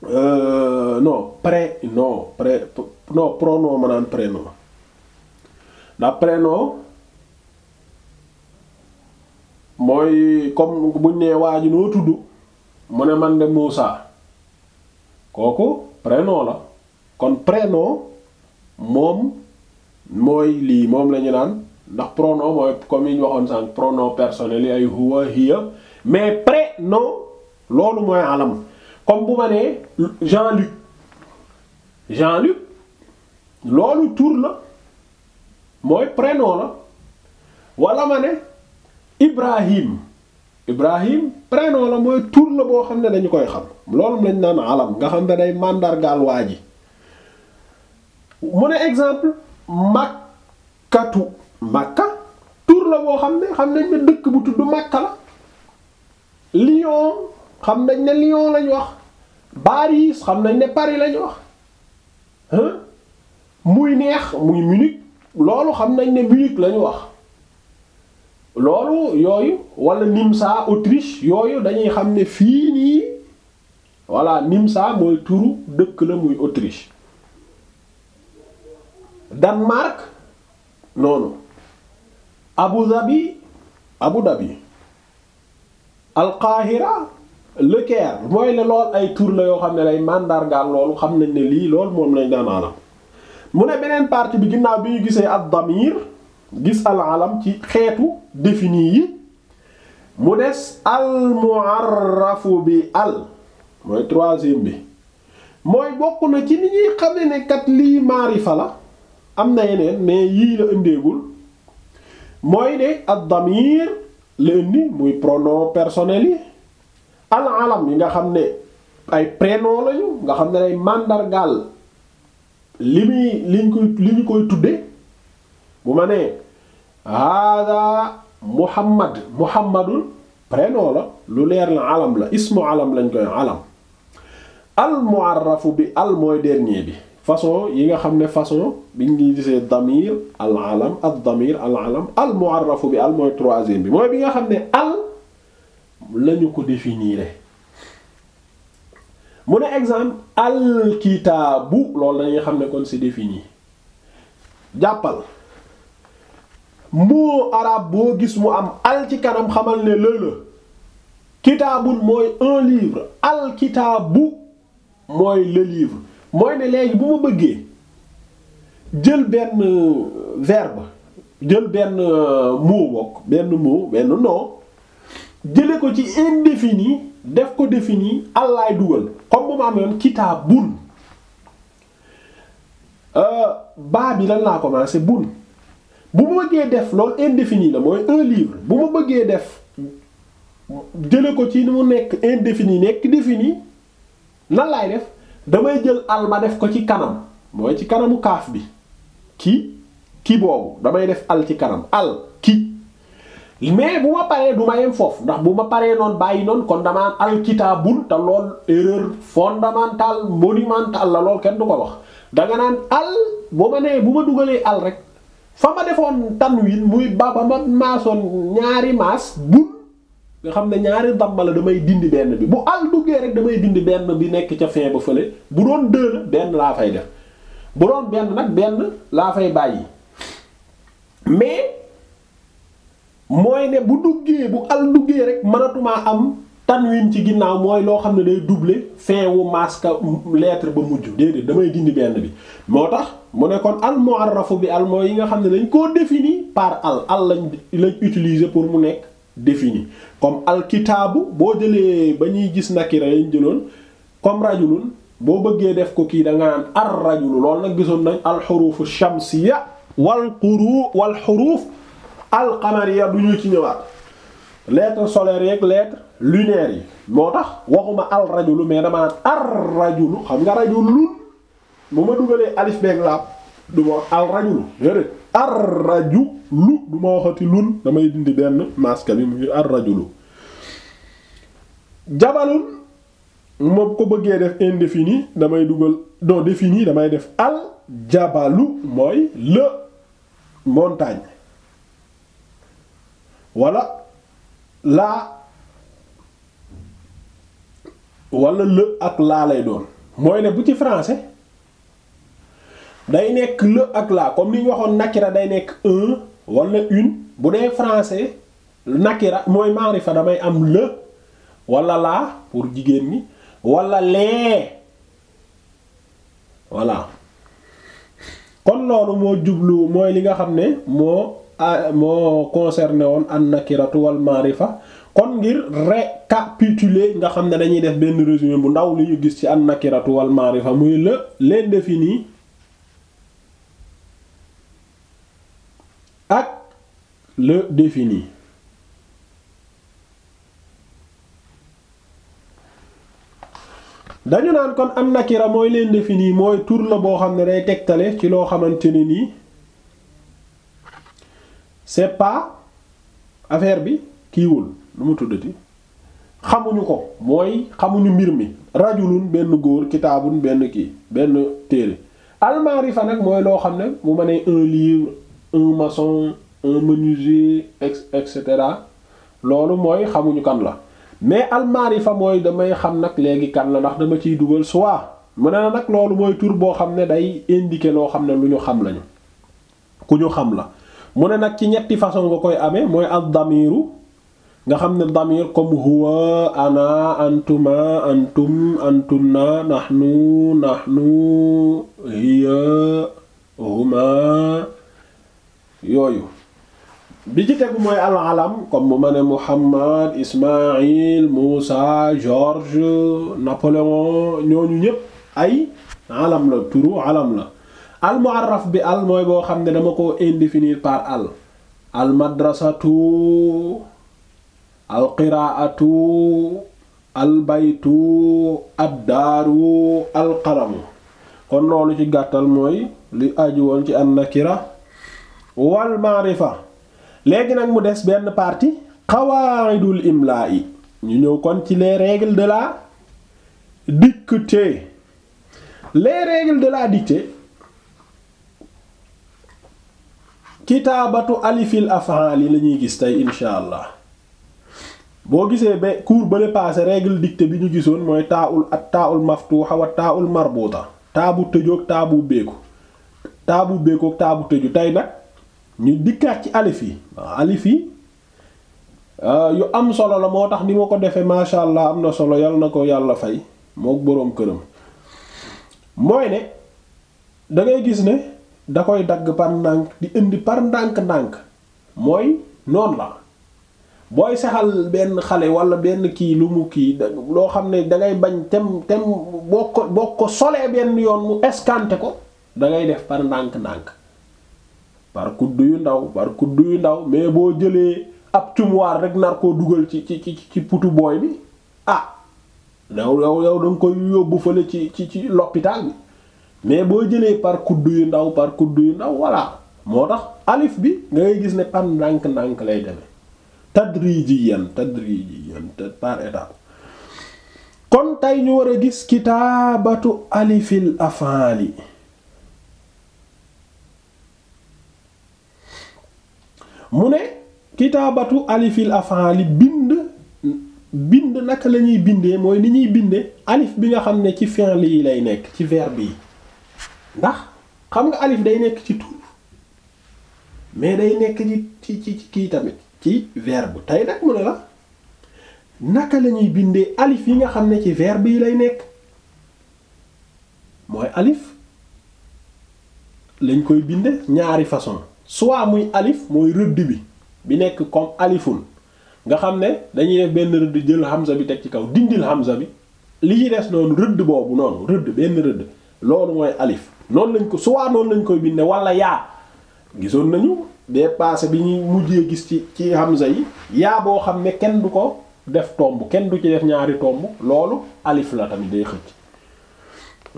Euh, non pré non pré non pronom ma naan prénom ndax prénom mooy comme buñ nee waa ji noo tudd mu ne man de Moussa kooku no la kon no moom mooy lii moom la ñu naan ndax pronom mooy comme yi ñu waxoon sànq pronom personnel yi ay huwa hiya mais no loolu mooy alam comme bu ma nee Jean-Luc Jean-Luc loolu tur la mooy prénom la wala ma ne Ibrahim Ibrahim prénom la mooy tur la boo xam ne dañu koy xam loolu lañ naan alam nga xam ne day waa ji mu ne exemple Makkatu Makka tur la boo xam ne xam nañ ne dëkk bu tudd Makka la Lyon xam nañ ne Lyon lañ wax Paris xam nañ ne Paris lañu wax muy neex muy Munich loolu xam nañ ne Munich lañ wax loolu yooyu walla Nimsa Autriche yooyu dañuy xam ne fii nii voilà Nimsa mooy turu dëkk la muy Autriche Danemark noonu Abu Dhabi Abu Dhabi Al Qahira Leclerc mooy ne lool ay tour la yoo xam ne lay mandargaal loolu xam nañ ne lii lool moom lañ daan alam mu ne beneen partie bi ginnaaw bi ñu gisee ad damir gis al alam ci xeetu défini yi mu des al mu'arrafu bi al mooy troisième bi mooy bokk na ci ni ñuy xame ne kat lii maarifa la am na yeneen mais yii la ëndeegul mooy de ad damir la indi muy pronom personnel yi al alam yi nga xam ne ay prénom lañu nga xam ne day màndargaal li muy liñ koy li ñu koy tudde bu ma nee hada muhammad muhammadul prénom la lu leer la alam la ismu alam lañ koy alam al mu'arrafu bi al mooy dernier bi façon yi nga xam ne façon biñ ngi gisee damir al alam ad damir al alam al mu'arrafu bi al mooy troisième bi mooy bi nga xam ne al lañu ko définir mu ne exemple alkitaabu loolu dañuy xam ne kon c'est défini jàppal moo arabe boo gis mu am al ci kanam xamal ne lëla kitaabun mooy un livre alkitaabu mooy le livre mooy ne léegi bu ma bëggee jël benn verbe jël benn euh, mot bokk benn mot benn nom jële ko ci indéfini def ko défini allaay dugal comme bu ma amoon kitaabun euh, baa bi lan laa ko commencé bun bu ma bëggee def loolu indefini la mooy un livre bu ma bëggee def jële ko ci ni mu nekk indéfini nekk defini nan laay def damay jël al ma def ko ci kanam mooy ci kanamu kaaf bi ki ki boobu damay def al ci kanam al ki mais bu ma paree du ma foofu ndax bu ma paree noonu bàyyi noonu kon damaa alkitaabul te lool erreur fondamentale monumentale la lool kenn du ko wax danga naan al boo ma nee bu ma dugalee al rek fa ma defoon tanwin muy ba ba ma maasoon ñaari maas bul nga xam ne ñaari damma la damay dindi benn bi bu al duggee rek damay dindi benn bi nekk ca fin ba fële bu doon deux la benn laa fay def bu doon benn nag benn laa fay bàyyi mais. mooy ne bu duggee bu al duggee rek mënatumaa am tanwin ci ginnaaw mooy loo xam ne day doubler fin wu maska lettre ba mujj déedéet damay dindi benn bi moo tax mu ne kon al mu'arrafu bi al mooy yi nga xam ne dañ koo défini par al al lañ lañ utiliser pour mu nekk défini comme al kitaabu boo jëlee ba ñuy gis nakira lañ jëloon comme rajulun boo bëggee def ko kii da nga naan rajulu loolu nag gisoon nañ al xurufu shamsiya wal quru wal xuruf alqamariya du ñu ci ñëwaat lettre solaire yeeg lettre lunaire yi moo tax waxuma al rajulu mais dama naan rajulu xam nga rajulun bu ma dugalee alif beeg laab du ma wax al rajulu waxati lun damay dindi benn masque bi mu ngi ar rajulu jabalun moom ko bëggee def indéfini damay dugal non défini damay def al jabalu mooy le montagne wala laa wala lë ak laa lay doon mooy ne bu ci français day nekk lë ak laa comme li ñu waxoon nakira day nekk un wala une bu dee français nakira mooy maarifa damay am lë walla laa pour jigéen ñi wala lee voilà kon loolu moo jublu mooy li nga xam ne moo moo concerné woon an nakiratu wal maarifa kon ngir récapituler nga xam ne dañuy def benn résumé bu ndaw liñu gis ci an nakiratu wal maarifa muy leen l'indéfini ak le défini dañu naan kon an nakira mooy l'indéfini mooy tur la boo xam ne day tegtale ci loo xamante ne nii c'est pas affaire bi kiiwul lu mu tuddati xamuñu ko mooy xamuñu mbir mi rajulun benn góor kitaabun benn kii benn téere almaarifa nag mooy loo xam ne mu ma nee un livre un maçon un menuisier et cetera loolu mooy xamuñu kan la mais fa mooy damay xam nag léegi kan la ndax dama ciy dugal soit mu ne na nag loolu mooy tur boo xam ne day indiquer loo xam ne lu ñu xam lañu ku ñu xam la mu ne nag ci ñetti façon nga koy amee mooy ad damiru nga xam ne damir comme huwa ana antuma antum antunna nahnu nahnu hiya huma yooyu bi ci tegu mooy al alam comme mu ma ne Muhammad Ismaïl Moussa George Napoléon ñooñu ñépp ay alam la turu alam la al mu'arraf bi al mooy boo xam ne dama ko indéfinir par al al madrasatu al qiraatu al baytu ad daaru al qalamu kon loolu ci gàttal mooy li aju woon ci an nakira wal maarifa léegi nag mu des benn partie qawaidul imla yi ñu ñëw kon ci les règles de la dictée les de la dictée kitaabatu alifil af'al yi la ñuy gis tey insha allah boo gisee ba cours bale passé règle dictée bi ñu gisoon mooy taaul at taaul maftuha wa taaul marbuta taabu tëjoog taabu beeku taabu beekoog taabu tëju tey nag ñu dikkaat ci alif yi waaw alif yi euh, yu am solo la moo tax ni ma ko defee macha allah am na solo yal na ko yàlla fay mook boroom këram mooy ne da ngay gis ne da koy dagg par ndànk di indi par ndànk-ndànk mooy noon la booy saxal benn xale wala benn kii lu mu kii loo xam ne dangay bañ tem tem boo bokk boo ko solee benn yoon mu escanté ko dangay def par ndànk-ndànk par kudd yu ndaw par kudd yu ndaw mais boo jëlee ab cumuwaar rek nar koo dugal ci ci ci ci putu booy bi ah yow yow yow danga koy yóbbu fële ci ci ci l'hôpital bi mais boo jëlee par kudd yu ndaw par kudd yu ndaw voilà moo tax alif bi ngay gis ne par ndànk-ndànk lay demee tadrijiyan tadrijiyan par étape kon tey ñu war a gis kitaabatu alifil afaali mu ne kitaabatu alifil afaali bind bind naka la bindee mooy li ñuy binde alif bi nga xam ne ci fi'li yi lay nekk ci verbe yi ndax xam nga alif day nekk ci tur mais day nekk ci ci ci kii tamit ci verbe tey nag mu ne la naka la ñuy bindee alif yi nga xam ne ci verbe yi lay nekk mooy alif lañ koy binde ñaari façon soit muy alif mooy rëdd bi bi nekk comme alifun nga xam ne dañuy def benn rëdd jël hamza bi teg ci kaw dindil hamza bi li ci des noonu rëdd boobu noonu rëdd benn rëdd loolu mooy alif noonu lañ ko soit noonu lañ koy binde walla yaa gisoon nañu de paase bi ñuy mujjee gis ci ci hamza yi yaa boo xam ne kenn du ko def tomb kenn du ci def ñaari tomb loolu alif la tamit day xëcc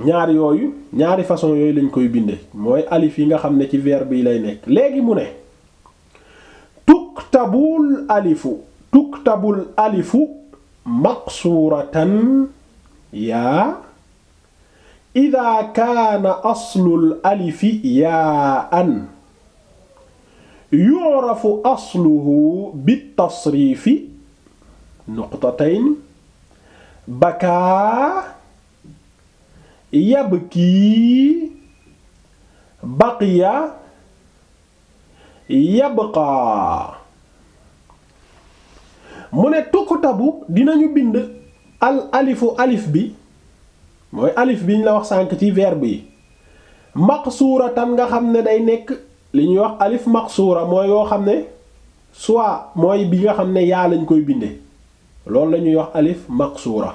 ñaar yooyu ñaari façon yooyu lañ koy binde mooy alif yi nga xam ne ci verbe yi lay nekk léegi mu ne tuktabul alifu tuktabul alifu maqsuratan yaa ida kaana aslul alifi yaa an yurafu asluhu bitasrifi nuqtatayn bakaa yabkii baqiya yabqaa mu ne tuktabu dinañu bind al alifu alif bi mooy alif bi ñu la wax sànq ci verbe yi maqsuuratan nga xam ne day nekk li ñuy wax alif maqsuura mooy yoo xam ne soit mooy bi nga xam ne yaa lañ koy binde loolu la ñuy wax alif maqsuura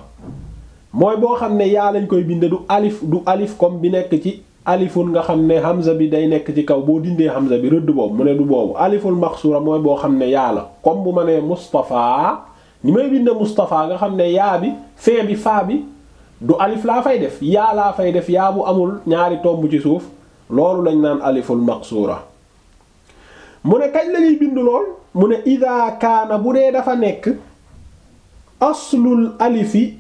mooy boo xam ne yaa lañ koy binde alif du alif comme bi nekk ci alifun nga xam ne hamza bi day nekk ci kaw boo dindee hamza bi rëdd boobu mu ne du boobu aliful maqsuura mooy boo xam ne yaa la comme bu ma nee Moustapha ni may binde Moustapha nga xam ne yaa bi fee bi faa bi. du alif laa fay def yaa laa fay def yaa bu amul ñaari tomb ci suuf loolu lañ naan aliful maqsuura mu ne kañ lañuy bind lool mu ne ida kaana bu dee dafa nekk aslul alifi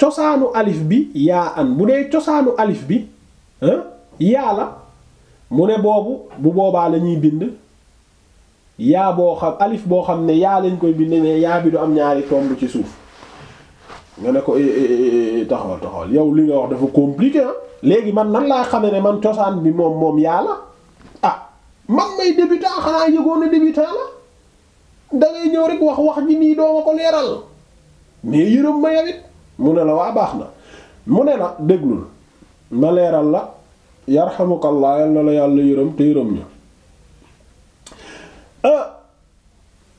cosaanu alif bi yaa an bu dee cosaanu alif bi yaa la mu ne boobu bu boobaa la ñuy bind yaa boo xam alif boo xam ne yaa lañ koy bind ne yaa bi du am ñaari tomb ci suuf nga ne ko eh, eh, eh, taxawal taxawal yow li nga wax dafa compliqué ah. léegi man nan laa xamee ne man cosaan bi moom moom yàlla ah man may débutant xanaa yëgoon na débutant la da ñëw rekk wax wax ji nii doo ko leeral mais yërëm ma yawit mu ne la waa baax na mu ne na déglul ma leeral la yarhamukallah yal na la yàlla yërëm te yërëm ñu ah,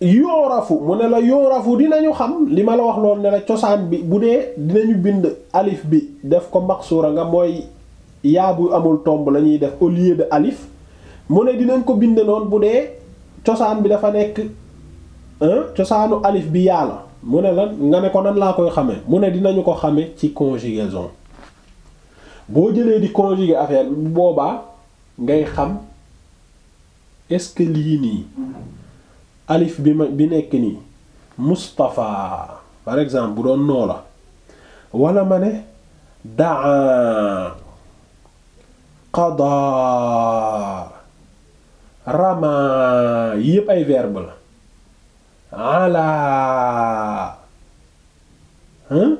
rafu mu ne la yoorafu dinañu xam li ma la wax loolu ne la cosaan bi bu dee dinañu bind alif bi def ko maxsuura nga mooy yaabu amul tomb lañuy def au lieu de alif mu ne dinañ ko bind noon bu dee cosaan bi dafa nekk cosaanu alif bi yaa mu ne la nga ne ko nan laa koy xamee mu ne dinañu ko xame ci conjugaison boo jëlee di conjuguer affaire bi boobaa ngay xam est-ce nii alif bi ma bi nekk nii Moustapha par exemple bu doon noo wala ma ne daa qada rama yépp ay verbe la ala hein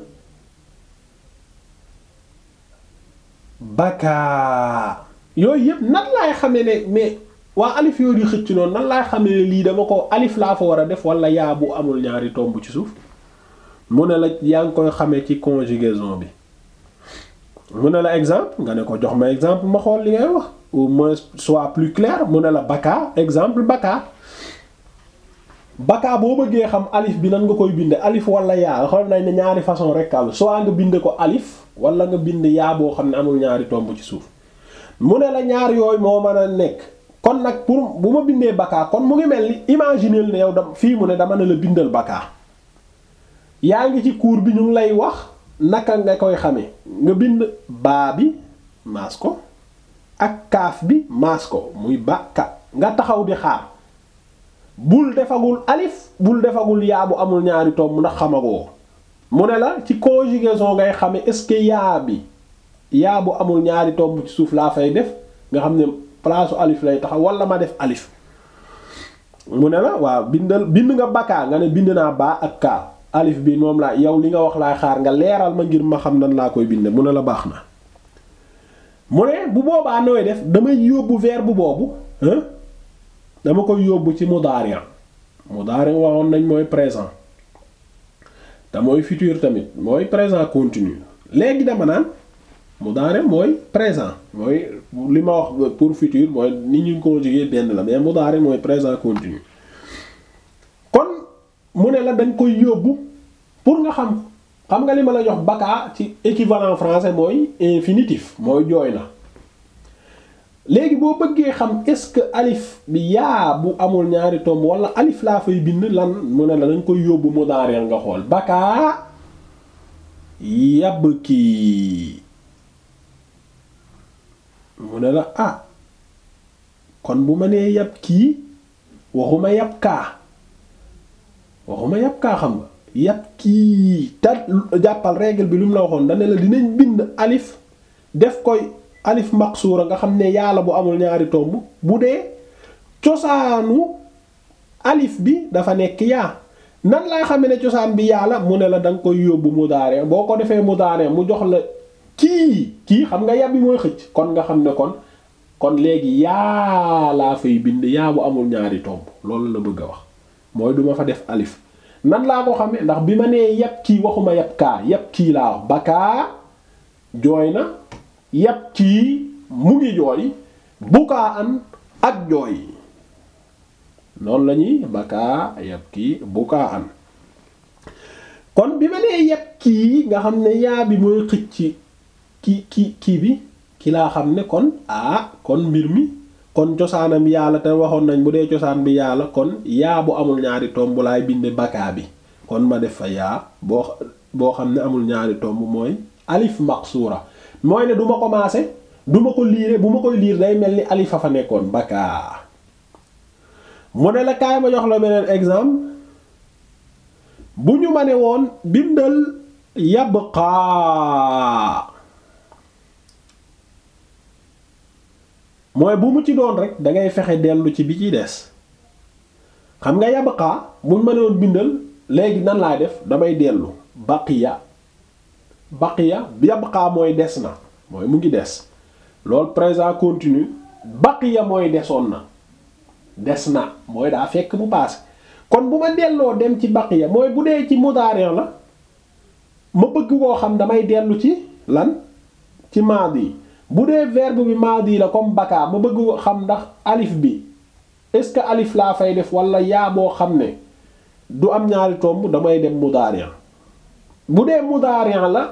baka yépp nan laay xamee ne mais waa alif yooyu xëcc noonu nan laa xam ne lii dama ko alif laa fa war a def walla yaa bu amul ñaari tomb ci suuf mu ne la yaa ngi koy xamee ci conjugaison bi mu ne la exemple nga ne ko jox ma exemple ma xool li ngay wax au soit plus clair mu ne la baka exemple baka baka boo bëggee xam alif bi nan nga koy binde alif wala xool nañ ne ñaari façon rek am soit ko alif wala nga bind yaa boo xam ne amul ñaari tomb ci suuf mu ne la ñaar yooyu moo mën a nekk kon nag pour bu ma bindee bakkaar kon mu ngi mel ni imaginer ne yow fii mu ne dama ne la bindal bakkaar yaa ngi ci kuur bi ñu lay wax naka nga koy xamee nga bind baa bi maas ko ak kaaf bi maas ko muy bakka nga taxaw di xaar bul defagul alif bul defagul yaa bu amul ñaari tomb ndax xamagoo mu ne la ci conjugaison ngay xame est-ce que yaa bi yaa bu amul ñaari tomb ci suuf laa fay def nga xam ne place alif lay taxaw wala ma def alif mu ne la waaw bindal bind nga bakaa nga ne bind naa baa ak kaa alif bi moom laa yow li nga wax laa xaar nga leeral ma ngir ma xam nan laa koy binde mu ne la baax na mu ne bu boobaa nooy def damay yóbbu weer bu boobu dama koy yóbbu ci mudaari mudaari waxoon nañ mooy présent te mooy futur tamit mooy présent continue léegi dama naan mudaari mooy présent mooy li ma wax pour futur mooy ni ñu conjugué benn la mais mudaari mooy présent continu kon mu ne la dañ koy yóbbu pour nga xam xam nga li ma la jox baka ci équivalent français mooy infinitif mooy jooy na léegi boo bëggee xam est-ce que alif bi yaa bu amul ñaari tomb wala alif laa fay bind lan mu ne la dañ koy yóbbu mudaari nga xool baka kii mu ne la ah kon bu ma nee yab kii waxuma yab kaa waxuma yab kaa xam nga yab kii ta jàppal règle bi lu mu la waxoon dane la dinañ bind alif def koy alif maqsuura nga xam ne yàlla bu amul ñaari tomb bu dee cosaanu alif bi dafa nekk yaa nan laa xamee ne cosaan bi yàlla mu ne la da nga koy yóbbu mudaare boo ko defee mudaare mu jox la kii kii xam nga bi mooy xëcc kon nga xam ne kon kon léegi yaa laa fay bind yaa bu amul ñaari toog loolu la bëgg a wax mooy duma fa def alif nan laa ko xamee ndax bi ma nee yàpp kii waxuma yàpp kaa yàpp kii laa wax jooy na yàpp kii mu bukaa an ak jooy noonu la ñuy bakaa yàpp kii bukaa an kon bi ma nee yàpp kii nga xam ne yaa bi mooy xëcc ki ki kii bi ki laa xam ne kon ah kon mbir mi kon cosaanam yàlla te waxoon nañ bu dee cosaan bi yàlla kon yaa bu amul ñaari tomb laay binde bakaa bi kon ma def fa yaa boo xam ne amul ñaari tomb mooy alif maqsuura mooy ne duma ma commencé du ko liire bu ma koy liir day mel ni alif a fa nekkoon bakaa mu ne la kaay ma jox la beneen exemple bu ñu ma ne woon bindal yabqaa mooy bu mu ci doon rek da ngay fexe dellu ci bi ciy des xam nga yabqaa buñ ma doon bindal léegi nan laa def damay dellu baqiya ya yabqaa mooy des na mooy mu ngi des loolu présent continue continu ya mooy desoon na des na mooy daa fekk bu paase kon bu ma delloo dem ci ya mooy bu dee ci mudaari' la ma bëgg koo xam damay dellu ci lan ci maadi bu dee verbe bi maadi la comme baka ma bëgg xam ndax alif bi est-ce que alif laa fay def wala yaa boo xam ne du am ñaari tomb damay dem mudaari bu dee mudaari la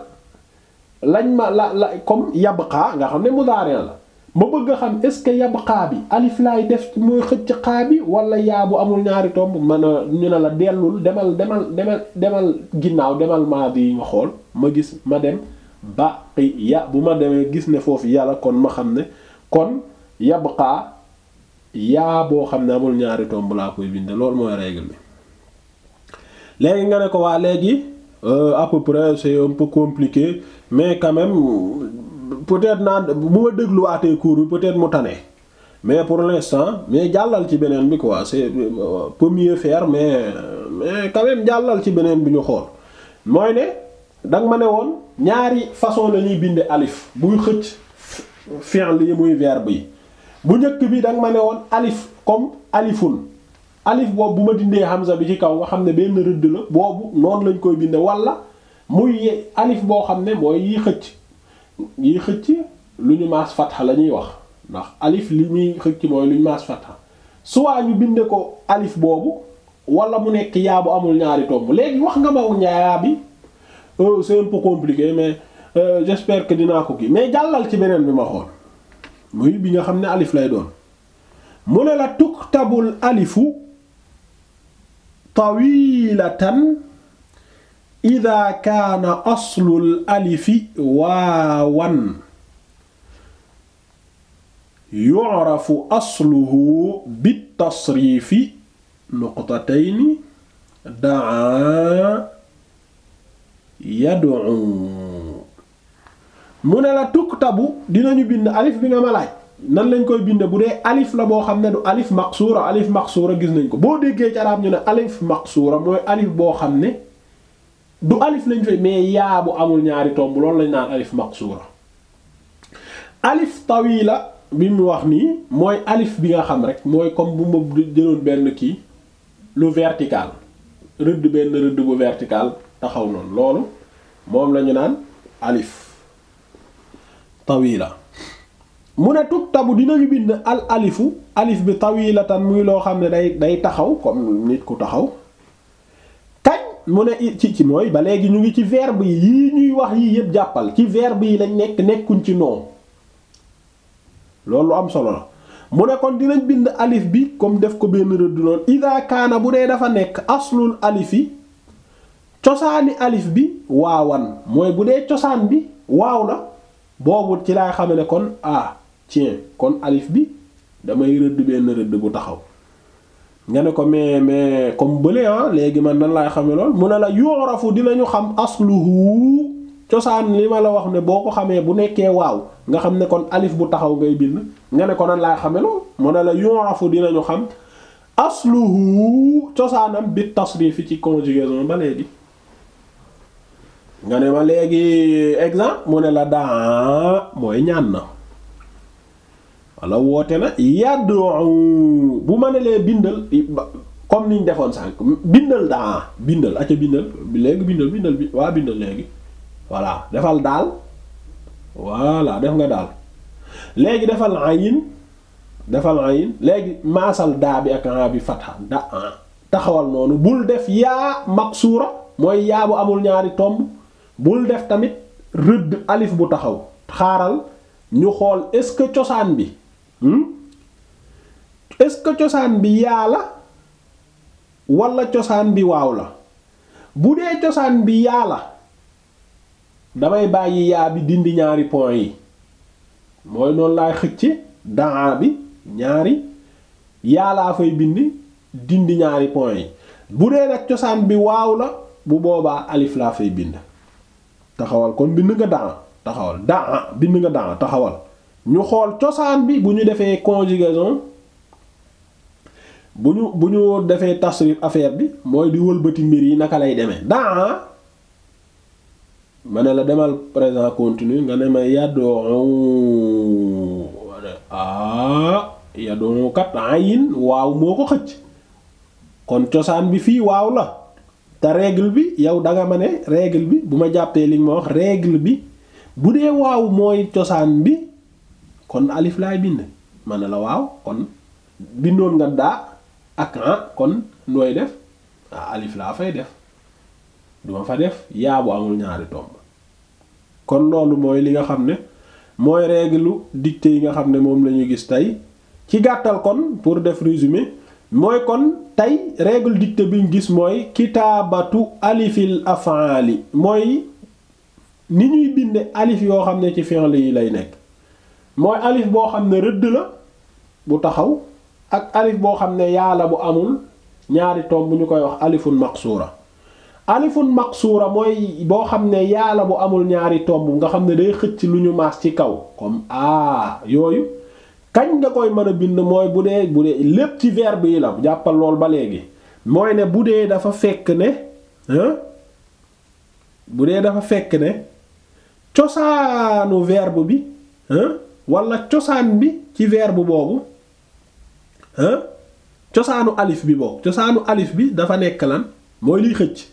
lañ ma la la comme yabqa nga xam ne mudaari la ma bëgg xam est-ce que yabqa bi alif laay def mooy xëcc xaa bi wala yaa bu amul ñaari tomb mën a ñu ne la dellul demal demal demal demal ginnaaw demal maadi nga xool ma gis ma dem. baqi ya bu ma demee gis ne foofu yàlla kon ma xam ne kon yabqaa yaa boo xam ne amul ñaari tomb laa koy binde loolu mooy règle bi léegi nga ne ko waa léegi euh, à peu c'est un peu compliqué mais quand même peut-être naan bu ma dégluwaatee cours bi mais pour l'instant mais jàllal ci beneen bi quoi c'est euh, peut mieux faire mais mais jàllal ci beneen bi ñu xool mooy ne. danga ma ne woon ñaari façon lañuy ñuy binde alif buy xëcc fi'l yi muy verbe yi bu njëkk bi danga ma ne woon alif comme alifun alif boobu bu ma dindee hamza bi ci kaw nga xam ne benn rëdd la boobu noonu lañ koy binde wala muy alif boo xam ne mooy yi xëcc yi xëcc lu ñu maas fatha la ñuy wax ndax alif li ñuy xëcc mooy lu ñu maas fatha soit ñu bindee ko alif boobu walla mu nekk yaabu amul ñaari tomb léegi wax nga ma yaa bi c'est un peu euh, ci beneen bi bi nga xam ne alif lay doon mu ne la tuktabul alifu tawilatan ida kaana aslul alifi waawan yu'rafu asluhu bitasrifi nuqtatayni daa yad'u mu ne la tuktabu dinañu bind alif bi nga ma nan lañ koy binde bu dee alif la boo xam ne du alif maqsuura alif gis nañ ko boo déggee ci arab ñu ne alif maqsuura mooy alif boo xam ne du alif lañ fay mais yaa bu amul ñaari tomb loolu lañ naan alif maqsuura alif tawila bi mu wax nii mooy alif bi nga xam rek mooy comme bu ma jëloon benn kii lu vertical rëdd benn rëdd bu vertical taxaw noonu loolu moom lañu naan alif tawila mu ne tug tabu dinañu bind al alifu alif bi tawilatan muy loo xam ne day day taxaw comme nit ku taxaw kañ mu ne ci ci mooy ba léegi ñu ngi ci verbe yi yii ñuy wax yii yépp jàppal ci verbe yi lañ nekk nekkuñ ci noom loolu am solo la mu ne kon dinañ bind alif bi comme def ko benn rëdd noonu ida bu dee dafa nekk aslul alifi cosaani alif bi waawan mooy bu dee cosaan bi waaw la boobu ci laay xame kon ah tiens kon alif bi damay rëdd benn rëdd bu taxaw nga ne ko mais mais comme bële ah léegi man nan lay xame lool mu ne la yoorafu dinañu xam asluhu cosaan li ma la wax ne boo xamee bu nekkee waaw nga xam ne kon alif bu taxaw ngay bind nga ne ko nan laay xame lool mu ne la yoorafu dinañu xam asluhu cosaanam bi tasrifi ci conjugaison ba léegi nga ne ma léegi exemple mu ne la daa mooy ñaan na walla woote na yad'u bu ma ne lee bindal comme niñ defoon sànq bindal daa bindal acca bindal léegi bindal bindal bi waa bindal léegi voilà defal daal voilà def nga daal léegi defal ayin defal ayin léegi maasal daa bi ak raa bi fata daa taxawal noonu bul def yaa maqsuura mooy yaa bu amul ñaari tomb bul def tamit rëdd alif bu taxaw xaaral ñu xool est-ce que cosaan bi hmm? est-ce que cosaan bi yaa la walla cosaan bi waaw la bu dee cosaan bi yaa la damay bàyyi yaa bi dindi ñaari point yi mooy noonu laay xëcc daa bi ñaari yaa laa fay bindi dindi ñaari point yi bu dee nag cosaan bi waaw la bu boobaa alif laa fay bind taxawal kon bind nga daa taxawal daa bind nga daa taxawal ñu xool cosaan bi bu ñu defee conjugaison bu ñu bu ñu defee tasrif affaire bi mooy di wëlbati mbir yi naka lay demee daa ma ne la demal présent continu nga ne ma yadoo ah yadoo ayin waaw moo ko xëcc kon cosaan bi fii waaw la te règle bi yow danga ma ne règle bi bu ma jàppee li ma wax règle bi bu dee waaw mooy cosaan bi kon alif laay bind ma ne la waaw kon bindoon nga daa ak an kon nooy def ah alif laa fay def duma fa def yaabu amul ñaari tomb kon loolu mooy li nga xam ne mooy règle dictée yi nga xam ne moom la gis tey ci gàttal kon pour def résumé mooy kon tey règle dictée bi gis mooy kitaabatu alifil li mooy ni ñuy bind alif yoo xam ne ci fi'l yi lay nekk mooy alif boo xam ne rëdd la bu taxaw ak alif boo xam ne yaa la bu amul ñaari tomb bu ñu koy wax alifun maqsuura alifun maqsuura mooy boo xam ne yaa la bu amul ñaari tomb nga xam ne day xëcc lu ñu maas ci kaw comme aa yooyu kañ nga koy mën a bind mooy bu dee bu dee lépp ci verbe yi la jàppal lool ba léegi mooy ne bu dee dafa fekk ne hein bu dee dafa fekk ne cosaanu verbe bi hein wala cosaan bi ci verbe boobu hein cosaanu alif bi boobu cosaanu alif bi dafa nekk lan mooy liy xëcc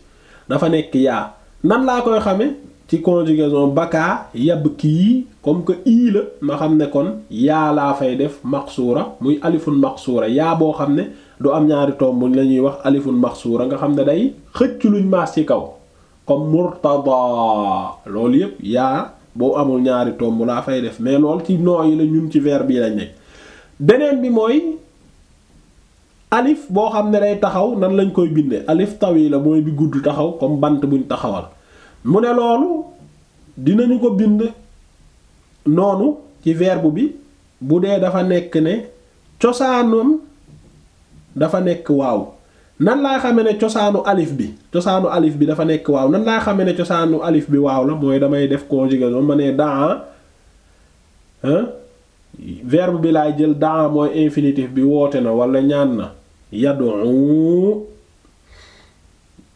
dafa nekk yaa nan laa koy xame ci conjugaison baka yab kii comme que ii ma xam ne kon yaa laa fay def maxsuura muy alifun maxsuura yaa boo xam ne du am ñaari tomb la ñuy wax alifun maxsuura nga xam ne day xëcc luñ maas ci kaw comme murtada loolu yëpp yaa boo amul ñaari tomb laa fay def mais lool ci nooyi la ñun ci verbe bi lañ nekk beneen bi mooy alif boo xam ne day taxaw nan lañ koy bindee alif taw yi la mooy bi gudd taxaw comme bant buñ taxawal mu ne loolu dinañu ko bind noonu ci verbe bi bu dee dafa nekk ne cosaanum dafa nekk waaw nan laa xamee ne cosaanu alif bi cosaanu alif bi dafa nekk waaw nan laa xamee ne cosaanu alif bi waaw la mooy damay def conjugaison ma ne daa verbe bi laay jël daa mooy infinitif bi woote na wala ñaan na yad'u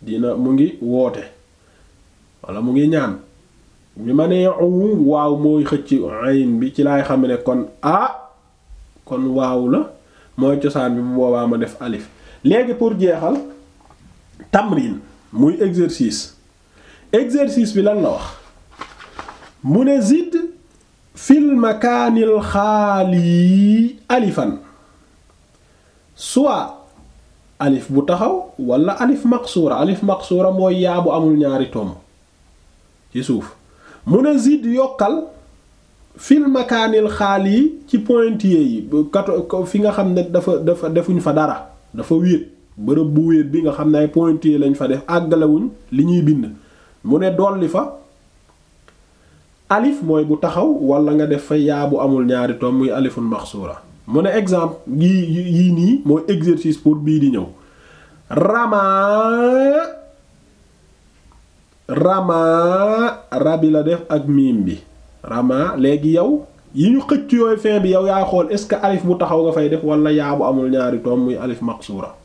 dina mu ngi woote wala mu ngi ñaan bi ma nee waaw mooy xëcc ayn bi ci laay xam ne kon ah kon waaw la mooy cosaan bi bu boobaa ma def alif léegi pour jeexal tamrin muy exercice exercice bi lan la wax mu ne zid fil makaanil xaali alifan soit alif bu taxaw wala alif maqsuura alif maqsuura mooy yaabu amul ñaari tomb ci suuf mu ne zid yokkal fil makaanil xaal yi ci pointillés yi kato fi nga xam ne dafa dafa defuñ fa dara dafa wéet bërëb bu wéet bi nga xam ne ay pointillés lañ fa def àggalewuñ li ñuy bind mu ne dolli fa alif mooy bu taxaw walla nga def fa yaa bu amul ñaari tom muy alifun maxsuura mu ne exemple yii yi nii mooy exercice pour bii di ñëw rama rama rabi la def ak miim bi rama léegi yow yi ñu xëcc yooyu fin bi yow yaa xool est-ce que alif bu taxaw nga fay def wala yaa bu amul ñaari toom muy alif maqsuura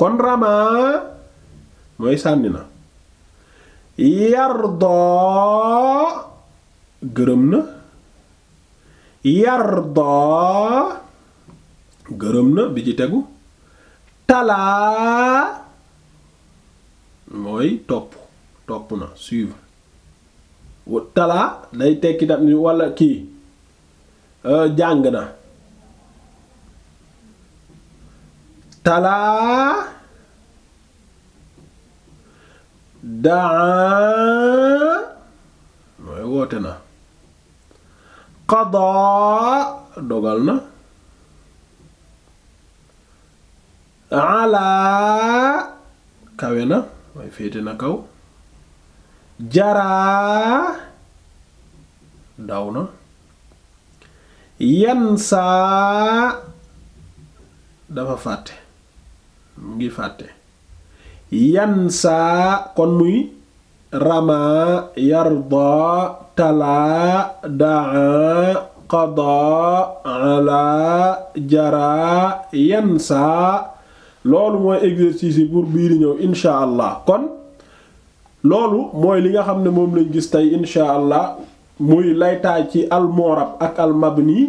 kon rama mooy sànni na yarda gërëm na yarda gërëm na bi ci tegu talaa mooy topp topp na suivre talaa day tekki walla kii euh, jàng na talaa daa mooy woote na qadaa dogal na alaa kawe na mooy féete na kaw jaraa daw na yan saa dafa fàtte mu ngi fàtte yan saa kon muy rama yarda talaa daa qadaa alaa jaraa yan saa loolu mooy exercice yi pour bii ñëw insha allah kon loolu mooy li nga xam ne moom lañ gis tey insha allah muy laytaay ci al murab ak al mabni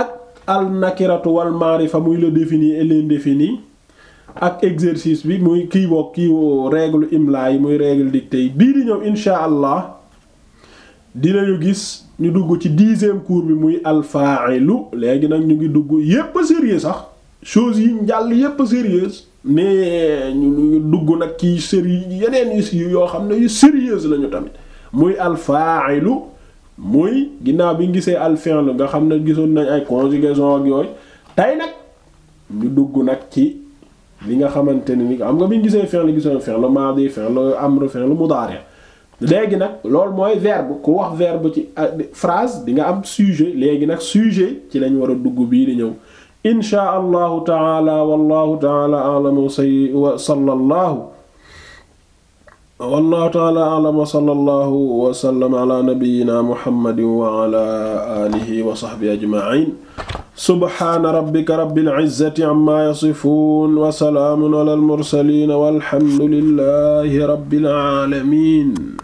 ak al nakiratu wal maarifa muy le défini et l'indéfini ak exercice bi muy kii boog kii règle imla yi muy règle dictée tey bii di ñëw insha allah dinañu gis ñu dugg ci dixième cours bi muy al fa'ilu léegi nag ñu ngi dugg yépp sérieux sax choses yi njàll yépp sérieuses mais euh, ñu dugg nag ci série yeneen yu yoo xam ne yu sérieuse lañu tamit muy alfaailu muy ginnaaw bi ñu gisee alfi'lu nga xam ne gisoon nañ ay conjugaison ak yooyu tey nag ñu dugg nag ci li nga xamante ni ni am nga bi ñu gisee fi'lu gisoon fi'lu maadi fi'lu amru mu mudaari léegi nag loolu mooy verbe ku wax verbe ci euh, phrase di nga am sujet léegi nag sujet ci lañu war a dugg bii di ñëw inchaa allahu taala wallahu taala alam wa sallallahu wallahu taala alam wa sallallahu wa sallam ala nabiyyina muhammadin wa ala alihi wa sahbihi ajma'in subhaana rabbika rabbil izzati amma yasifun wa salaamun ala al mursalin walhamdulillahi rabbil alamin